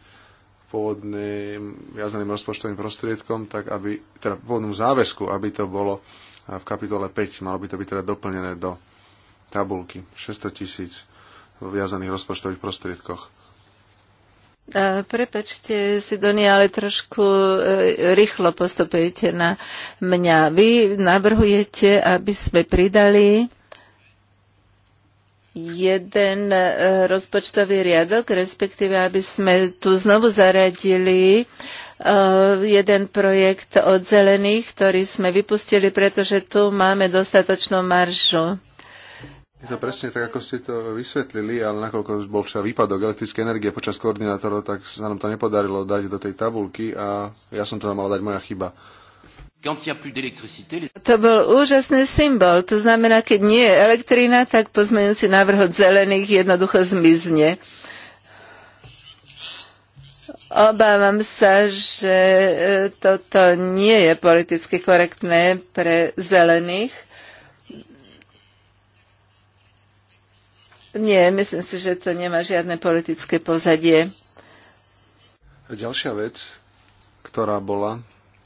pôvodným viazaným rozpočtovým prostriedkom, tak aby, teda pôvodnú záväzku, aby to bolo v kapitole 5, malo by to byť teda doplnené do tabulky 600 tisíc v viazaných rozpočtových prostriedkoch Prepačte, Sidonia, ale trošku e, rýchlo postupujete na mňa. Vy navrhujete, aby sme pridali jeden e, rozpočtový riadok, respektíve aby sme tu znovu zaradili e, jeden projekt od zelených, ktorý sme vypustili, pretože tu máme dostatočnú maržu. Je to presne tak, ako ste to vysvetlili, ale nakoľko už bol však výpadok elektrické energie počas koordinátorov, tak sa nám to nepodarilo dať do tej tabulky a ja som to tam mal dať moja chyba. To bol úžasný symbol. To znamená, keď nie je elektrina, tak pozmeňujúci návrh od zelených jednoducho zmizne. Obávam sa, že e, toto nie je politicky korektné pre zelených Nie, myslím si, že to nemá žiadne politické pozadie. Ďalšia vec, ktorá bola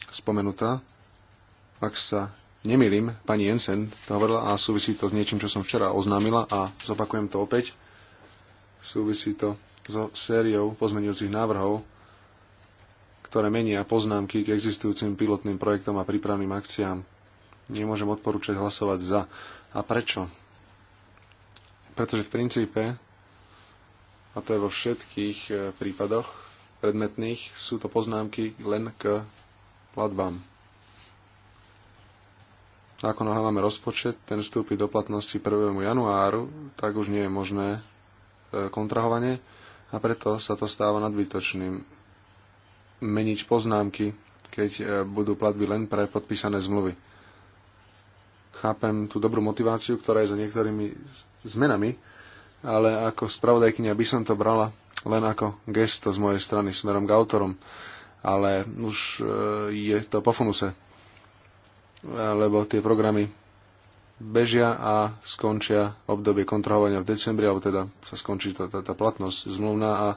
spomenutá, ak sa nemýlim, pani Jensen to hovorila a súvisí to s niečím, čo som včera oznámila a zopakujem to opäť. Súvisí to so sériou pozmeňujúcich návrhov, ktoré menia poznámky k existujúcim pilotným projektom a prípravným akciám. Nemôžem odporúčať hlasovať za. A prečo? Pretože v princípe, a to je vo všetkých e, prípadoch predmetných, sú to poznámky len k platbám. Ako náhle máme rozpočet, ten vstúpi do platnosti 1. januáru, tak už nie je možné e, kontrahovanie a preto sa to stáva nadbytočným. Meniť poznámky, keď e, budú platby len pre podpísané zmluvy chápem tú dobrú motiváciu, ktorá je za niektorými zmenami, ale ako spravodajkynia by som to brala len ako gesto z mojej strany smerom k autorom, ale už e, je to po funuse, lebo tie programy bežia a skončia obdobie kontrahovania v decembri, alebo teda sa skončí tá, tá, tá platnosť zmluvná a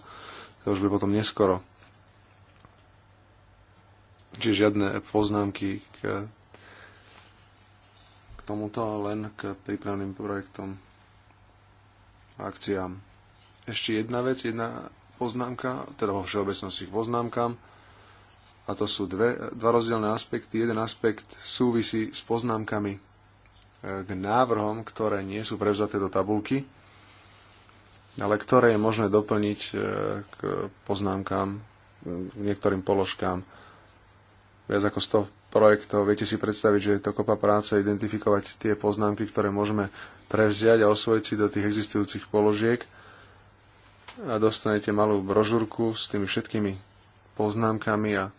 to už by potom neskoro. Čiže žiadne poznámky k, k tomuto, len k prípravným projektom akciám. Ešte jedna vec, jedna poznámka, teda vo všeobecnosti k poznámkam. A to sú dve, dva rozdielne aspekty. Jeden aspekt súvisí s poznámkami e, k návrhom, ktoré nie sú prevzaté do tabulky, ale ktoré je možné doplniť e, k poznámkam, k e, niektorým položkám. Viac ako 100 projektov. Viete si predstaviť, že je to kopa práce identifikovať tie poznámky, ktoré môžeme prevziať a osvojiť si do tých existujúcich položiek a dostanete malú brožúrku s tými všetkými poznámkami a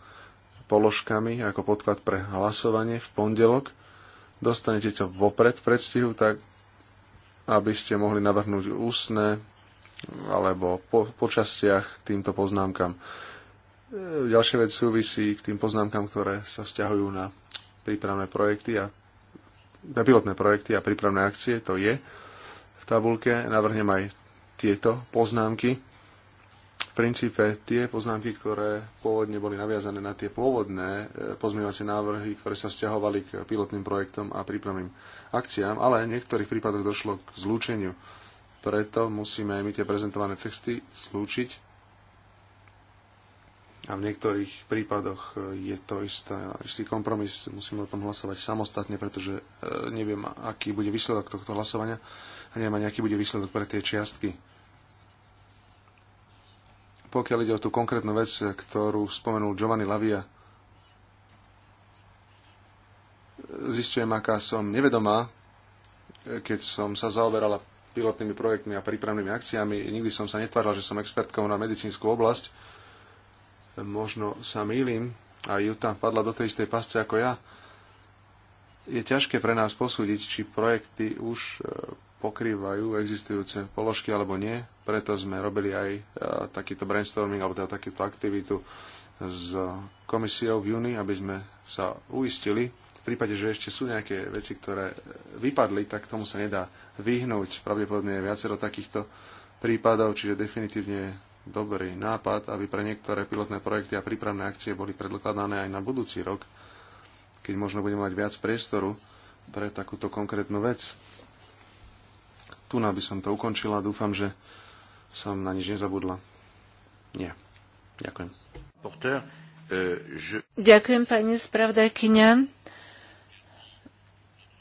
položkami ako podklad pre hlasovanie v pondelok. Dostanete to vopred v predstihu, tak aby ste mohli navrhnúť úsne alebo po, po častiach týmto poznámkam. E, ďalšia vec súvisí k tým poznámkam, ktoré sa vzťahujú na prípravné projekty a na pilotné projekty a prípravné akcie, to je v tabulke. Navrhnem aj tieto poznámky. V princípe tie poznámky, ktoré pôvodne boli naviazané na tie pôvodné e, pozmievacie návrhy, ktoré sa vzťahovali k pilotným projektom a prípravným akciám, ale v niektorých prípadoch došlo k zlúčeniu. Preto musíme aj my tie prezentované texty zlúčiť a v niektorých prípadoch e, je to istá, istý kompromis. Musíme o tom hlasovať samostatne, pretože e, neviem, aký bude výsledok tohto hlasovania a neviem ani, aký bude výsledok pre tie čiastky. Pokiaľ ide o tú konkrétnu vec, ktorú spomenul Giovanni Lavia, zistujem, aká som nevedomá, e, keď som sa zaoberala pilotnými projektmi a prípravnými akciami. Nikdy som sa netváral, že som expertkou na medicínsku oblasť možno sa mýlim a Juta padla do tej istej pasce ako ja, je ťažké pre nás posúdiť, či projekty už e, pokrývajú existujúce položky alebo nie. Preto sme robili aj e, takýto brainstorming alebo teda takúto aktivitu s komisiou v júni, aby sme sa uistili. V prípade, že ešte sú nejaké veci, ktoré e, vypadli, tak tomu sa nedá vyhnúť. Pravdepodobne je viacero takýchto prípadov, čiže definitívne dobrý nápad, aby pre niektoré pilotné projekty a prípravné akcie boli predkladané aj na budúci rok, keď možno budeme mať viac priestoru pre takúto konkrétnu vec. Tu na by som to ukončila. Dúfam, že som na nič nezabudla. Nie. Ďakujem. Euh, Ďakujem, pani spravdajkyňa.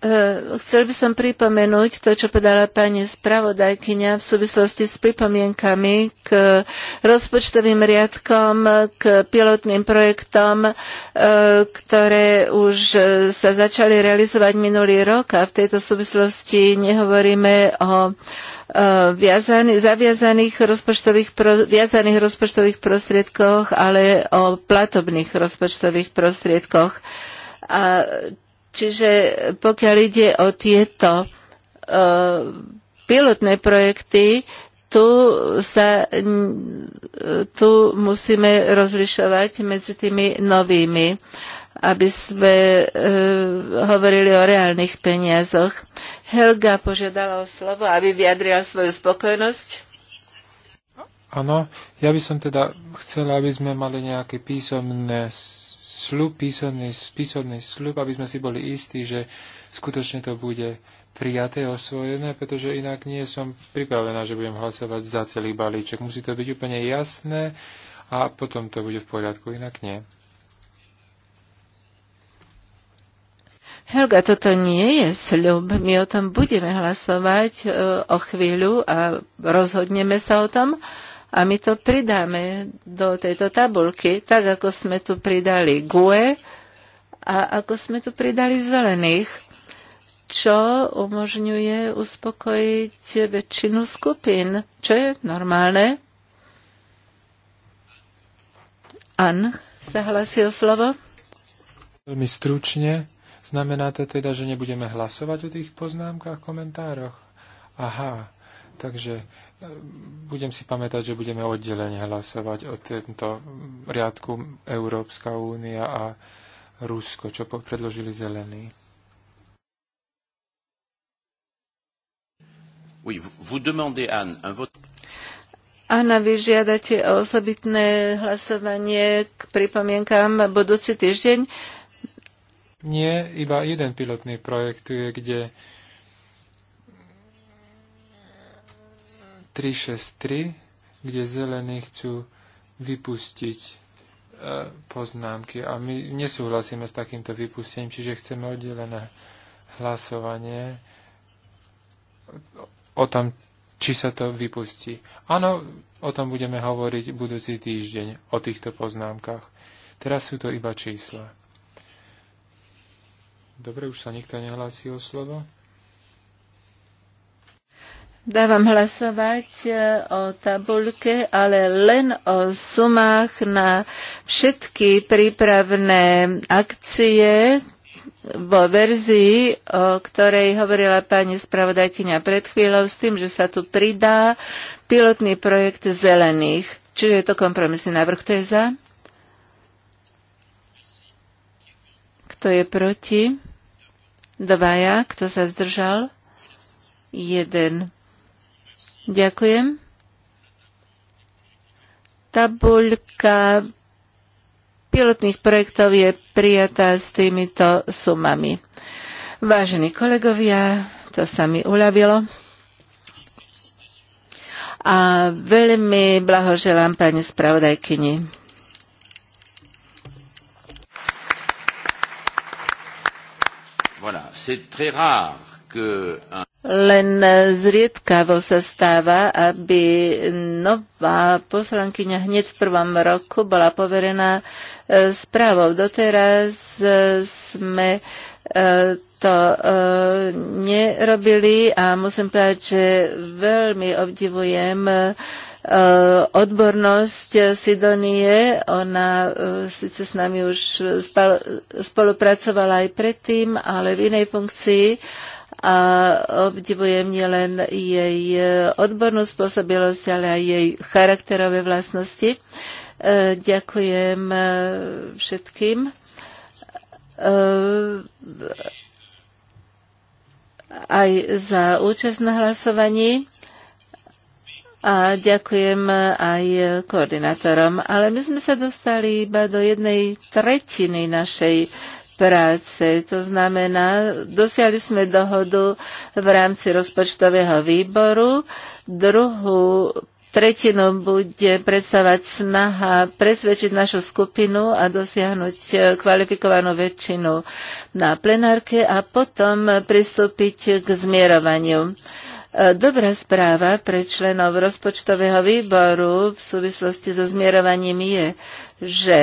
Eh, chcel by som pripomenúť to, čo povedala pani spravodajkyňa v súvislosti s pripomienkami k rozpočtovým riadkom, k pilotným projektom, eh, ktoré už sa začali realizovať minulý rok a v tejto súvislosti nehovoríme o eh, zaviazaných rozpočtových, viazaných rozpočtových prostriedkoch, ale o platobných rozpočtových prostriedkoch. A Čiže pokiaľ ide o tieto e, pilotné projekty, tu, sa, tu musíme rozlišovať medzi tými novými, aby sme e, hovorili o reálnych peniazoch. Helga požiadala o slovo, aby vyjadrila svoju spokojnosť. Áno, ja by som teda chcela, aby sme mali nejaké písomné slub, písomný, písomný slub, aby sme si boli istí, že skutočne to bude prijaté, osvojené, pretože inak nie som pripravená, že budem hlasovať za celý balíček. Musí to byť úplne jasné a potom to bude v poriadku, inak nie. Helga, toto nie je sľub. My o tom budeme hlasovať e, o chvíľu a rozhodneme sa o tom a my to pridáme do tejto tabulky, tak ako sme tu pridali GUE a ako sme tu pridali zelených, čo umožňuje uspokojiť väčšinu skupín, čo je normálne. An sa hlasí o slovo. Veľmi stručne. Znamená to teda, že nebudeme hlasovať o tých poznámkach, komentároch? Aha, takže budem si pamätať, že budeme oddelenie hlasovať o tento riadku Európska únia a Rusko, čo predložili zelení. Oui, vous demandez, Anne, un vote... Anna, vy žiadate o osobitné hlasovanie k pripomienkám budúci týždeň? Nie, iba jeden pilotný projekt tu je, kde 363, kde zelení chcú vypustiť e, poznámky. A my nesúhlasíme s takýmto vypustením, čiže chceme oddelené hlasovanie o tom, či sa to vypustí. Áno, o tom budeme hovoriť budúci týždeň, o týchto poznámkach. Teraz sú to iba čísla. Dobre, už sa nikto nehlási o slovo. Dávam hlasovať e, o tabulke, ale len o sumách na všetky prípravné akcie vo verzii, o ktorej hovorila pani spravodajkyňa pred chvíľou, s tým, že sa tu pridá pilotný projekt zelených. Čiže je to kompromisný návrh. Kto je za? Kto je proti? Dvaja. Kto sa zdržal? Jeden. Ďakujem. Tabuľka pilotných projektov je prijatá s týmito sumami. Vážení kolegovia, to sa mi uľavilo. A veľmi blahoželám pani spravodajkyni. Voilà, c'est très rare len zriedkavo sa stáva, aby nová poslankyňa hneď v prvom roku bola poverená e, správou. Doteraz e, sme e, to nerobili a musím povedať, že veľmi obdivujem odbornosť Sidonie. Ona síce s nami už spolupracovala aj predtým, ale v inej funkcii a obdivujem nielen jej e, odbornú spôsobilosť, ale aj jej charakterové vlastnosti. E, ďakujem e, všetkým aj za účasť na hlasovaní a ďakujem aj koordinátorom. Ale my sme sa dostali iba do jednej tretiny našej práce. To znamená, dosiahli sme dohodu v rámci rozpočtového výboru. Druhú tretinu bude predstavať snaha presvedčiť našu skupinu a dosiahnuť eh, kvalifikovanú väčšinu na plenárke a potom pristúpiť k zmierovaniu. Eh, dobrá správa pre členov rozpočtového výboru v súvislosti so zmierovaním je, že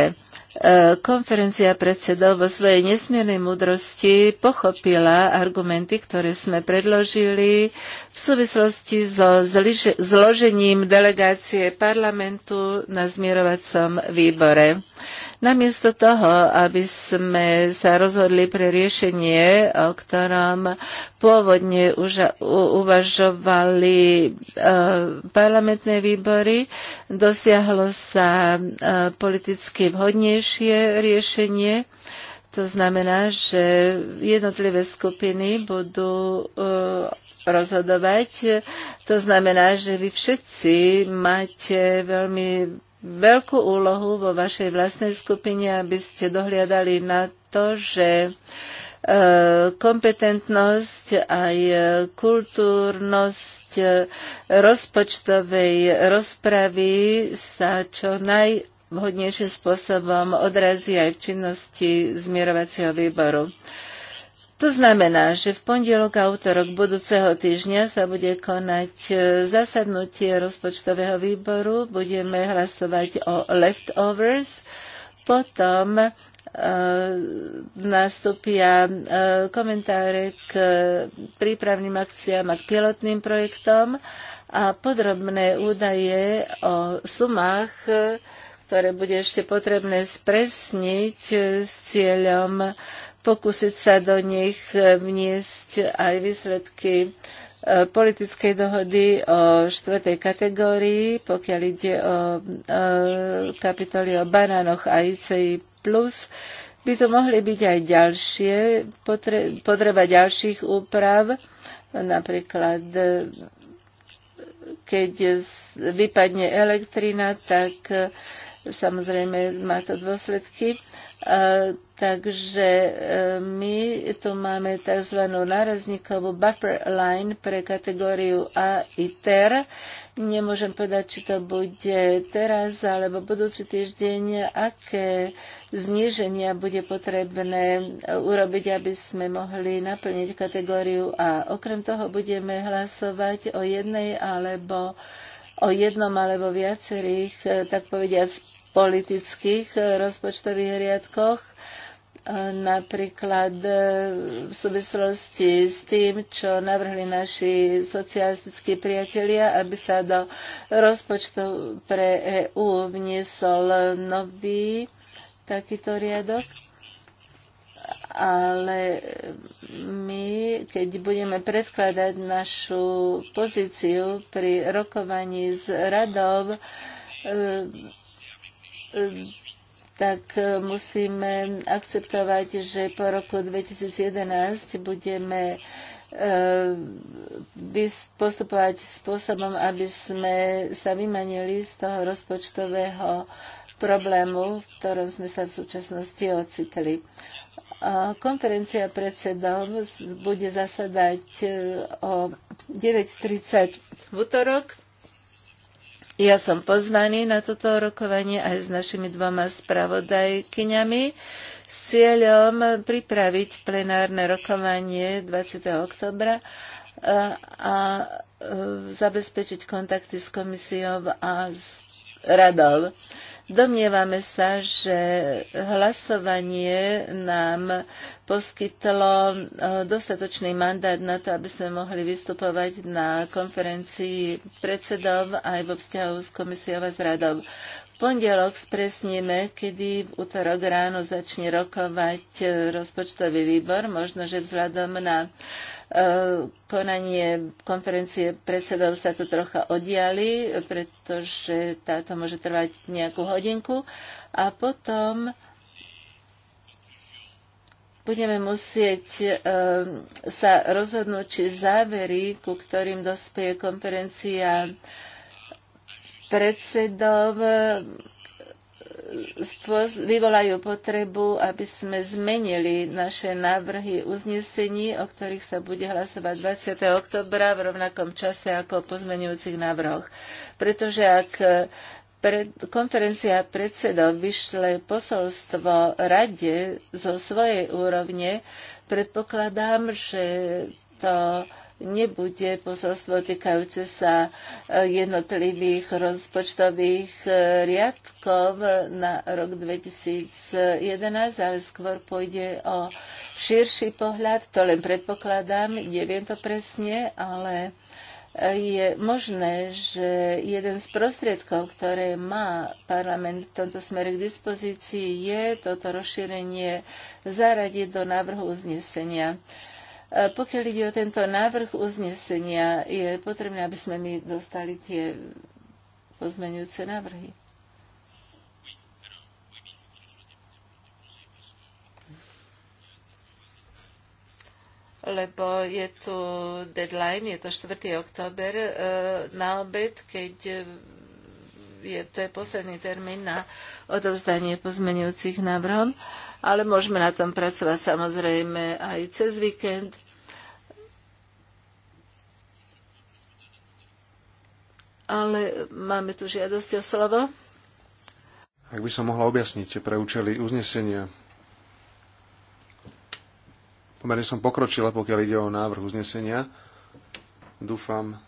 E, konferencia predsedov vo svojej nesmiernej múdrosti pochopila argumenty, ktoré sme predložili v súvislosti so zložením delegácie parlamentu na zmierovacom výbore. Namiesto toho, aby sme sa rozhodli pre riešenie, o ktorom pôvodne už uvažovali e, parlamentné výbory, dosiahlo sa e, politicky vhodnejšie riešenie. To znamená, že jednotlivé skupiny budú e, rozhodovať. To znamená, že vy všetci máte veľmi veľkú úlohu vo vašej vlastnej skupine, aby ste dohliadali na to, že e, kompetentnosť, aj kultúrnosť e, rozpočtovej rozpravy sa čo najvhodnejším spôsobom odrazí aj v činnosti zmierovacieho výboru. To znamená, že v pondelok a útorok budúceho týždňa sa bude konať e, zasadnutie rozpočtového výboru, budeme hlasovať o leftovers, potom e, nastúpia e, komentáre k prípravným akciám a k pilotným projektom a podrobné údaje o sumách, ktoré bude ešte potrebné spresniť s cieľom pokúsiť sa do nich e, vniesť aj výsledky e, politickej dohody o štvrtej kategórii, pokiaľ ide o e, kapitoly o banánoch a ICI+, by to mohli byť aj ďalšie, potreba ďalších úprav, napríklad keď vypadne elektrina, tak samozrejme má to dôsledky Takže e, my tu máme tzv. nárazníkovú buffer line pre kategóriu A i TER. Nemôžem povedať, či to bude teraz alebo budúci týždeň, aké zníženia bude potrebné e, urobiť, aby sme mohli naplniť kategóriu A. Okrem toho budeme hlasovať o jednej alebo o jednom alebo viacerých, e, tak povediať, politických eh, rozpočtových riadkoch, eh, napríklad eh, v súvislosti s tým, čo navrhli naši socialistickí priatelia, aby sa do rozpočtu pre EÚ vniesol nový takýto riadok ale my, keď budeme predkladať našu pozíciu pri rokovaní s radov, tak e, musíme akceptovať, že po roku 2011 budeme e, postupovať spôsobom, aby sme sa vymanili z toho rozpočtového problému, v ktorom sme sa v súčasnosti ocitli. Konferencia predsedov bude zasadať e, o 9.30 v útorok ja som pozvaný na toto rokovanie aj s našimi dvoma spravodajkyňami s cieľom pripraviť plenárne rokovanie 20. oktobra e, a, a e, zabezpečiť kontakty s komisiou a s radou. Domnievame sa, že hlasovanie nám poskytlo e, dostatočný mandát na to, aby sme mohli vystupovať na konferencii predsedov aj vo vzťahu s komisiou a s radou V pondelok spresníme, kedy v útorok ráno začne rokovať e, rozpočtový výbor. Možno, že vzhľadom na Eh, konanie konferencie predsedov sa tu trocha odiali, pretože táto môže trvať nejakú hodinku. A potom budeme musieť eh, sa rozhodnúť, či závery, ku ktorým dospeje konferencia predsedov, vyvolajú potrebu, aby sme zmenili naše návrhy uznesení, o ktorých sa bude hlasovať 20. oktobra v rovnakom čase ako o pozmenujúcich návrhoch. Pretože ak pred, konferencia predsedov vyšle posolstvo rade zo svojej úrovne, predpokladám, že to nebude posolstvo týkajúce sa e, jednotlivých rozpočtových e, riadkov na rok 2011, ale skôr pôjde o širší pohľad. To len predpokladám, neviem to presne, ale e, je možné, že jeden z prostriedkov, ktoré má parlament v tomto smere k dispozícii, je toto rozšírenie zaradiť do návrhu uznesenia. Pokiaľ ide o tento návrh uznesenia, je potrebné, aby sme my dostali tie pozmenujúce návrhy. lebo je tu deadline, je to 4. október eh, na obed, keď je, to je posledný termín na odovzdanie pozmenujúcich návrhov, ale môžeme na tom pracovať samozrejme aj cez víkend. Ale máme tu žiadosť o slovo. Ak by som mohla objasniť pre účely uznesenia, pomerne som pokročila, pokiaľ ide o návrh uznesenia. Dúfam,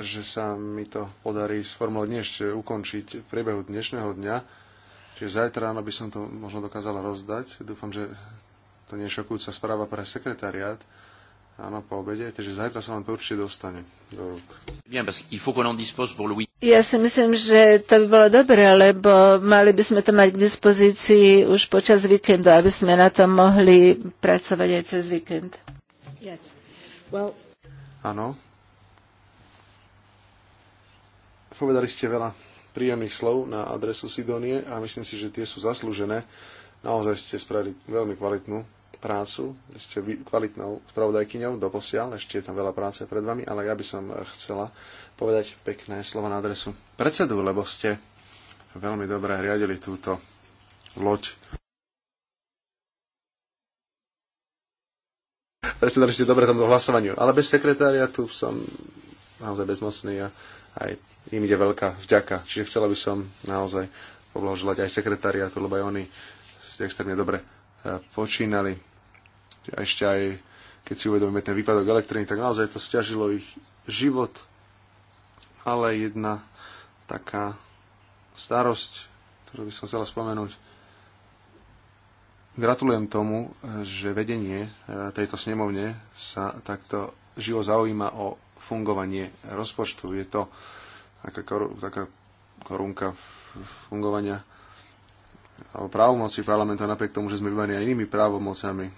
že sa mi to podarí sformulovať dnes, ukončiť v priebehu dnešného dňa. Čiže zajtra ráno by som to možno dokázala rozdať. Dúfam, že to nie je šokujúca správa pre sekretariát. Áno, po obede, takže zajtra sa vám to určite dostane do rúk. Ja si myslím, že to by bolo dobre, lebo mali by sme to mať k dispozícii už počas víkendu, aby sme na tom mohli pracovať aj cez víkend. Áno, yes. well... Povedali ste veľa príjemných slov na adresu Sidonie a myslím si, že tie sú zaslúžené. Naozaj ste spravili veľmi kvalitnú prácu, ste kvalitnou spravodajkyňou posiaľ, ešte je tam veľa práce pred vami, ale ja by som eh, chcela povedať pekné slova na adresu predsedu, lebo ste veľmi dobre riadili túto loď. Predsedali ste dobre tomu hlasovaniu, ale bez sekretária tu som naozaj bezmocný a aj im ide veľká vďaka. Čiže chcela by som naozaj poblahoželať aj sekretariatu, lebo aj oni ste extrémne dobre e, počínali. A ešte aj keď si uvedomíme ten výpadok elektriny, tak naozaj to stiažilo ich život. Ale jedna taká starosť, ktorú by som chcela spomenúť, Gratulujem tomu, e, že vedenie e, tejto snemovne sa takto živo zaujíma o fungovanie rozpočtu. Je to taká, koru, taká korunka fungovania alebo právomoci parlamentu, napriek tomu, že sme vybaní aj inými právomocami e,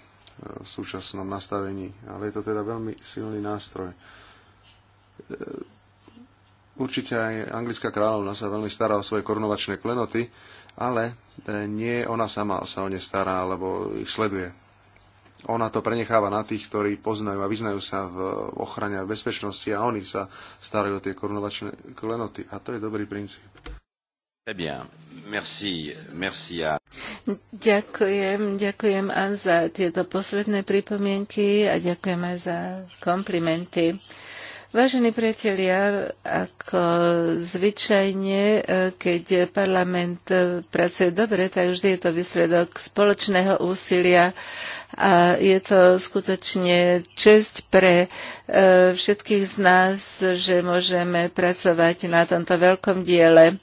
v súčasnom nastavení. Ale je to teda veľmi silný nástroj. E, určite aj anglická kráľovna sa veľmi stará o svoje korunovačné klenoty, ale e, nie ona sama sa o ne stará, alebo ich sleduje ona to prenecháva na tých, ktorí poznajú a vyznajú sa v ochrane a bezpečnosti a oni sa starajú o tie korunovačné klenoty. A to je dobrý princíp. Eh merci. Merci a... Ďakujem, ďakujem a za tieto posledné pripomienky a ďakujem aj za komplimenty. Vážení priatelia, ako zvyčajne, e, keď parlament e, pracuje dobre, tak vždy je to výsledok spoločného úsilia a je to skutočne čest pre e, všetkých z nás, že môžeme pracovať na tomto veľkom diele.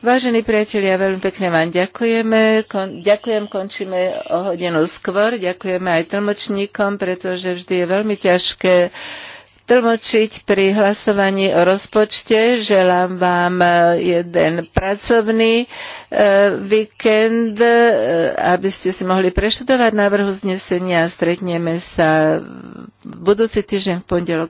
Vážení priatelia, veľmi pekne vám ďakujeme. Kon, ďakujem, končíme o hodinu skôr. Ďakujeme aj tlmočníkom, pretože vždy je veľmi ťažké tlmočiť pri hlasovaní o rozpočte. Želám vám e, jeden pracovný e, víkend, e, aby ste si mohli preštudovať návrhu znesenia a stretneme sa v budúci týždeň v pondelok.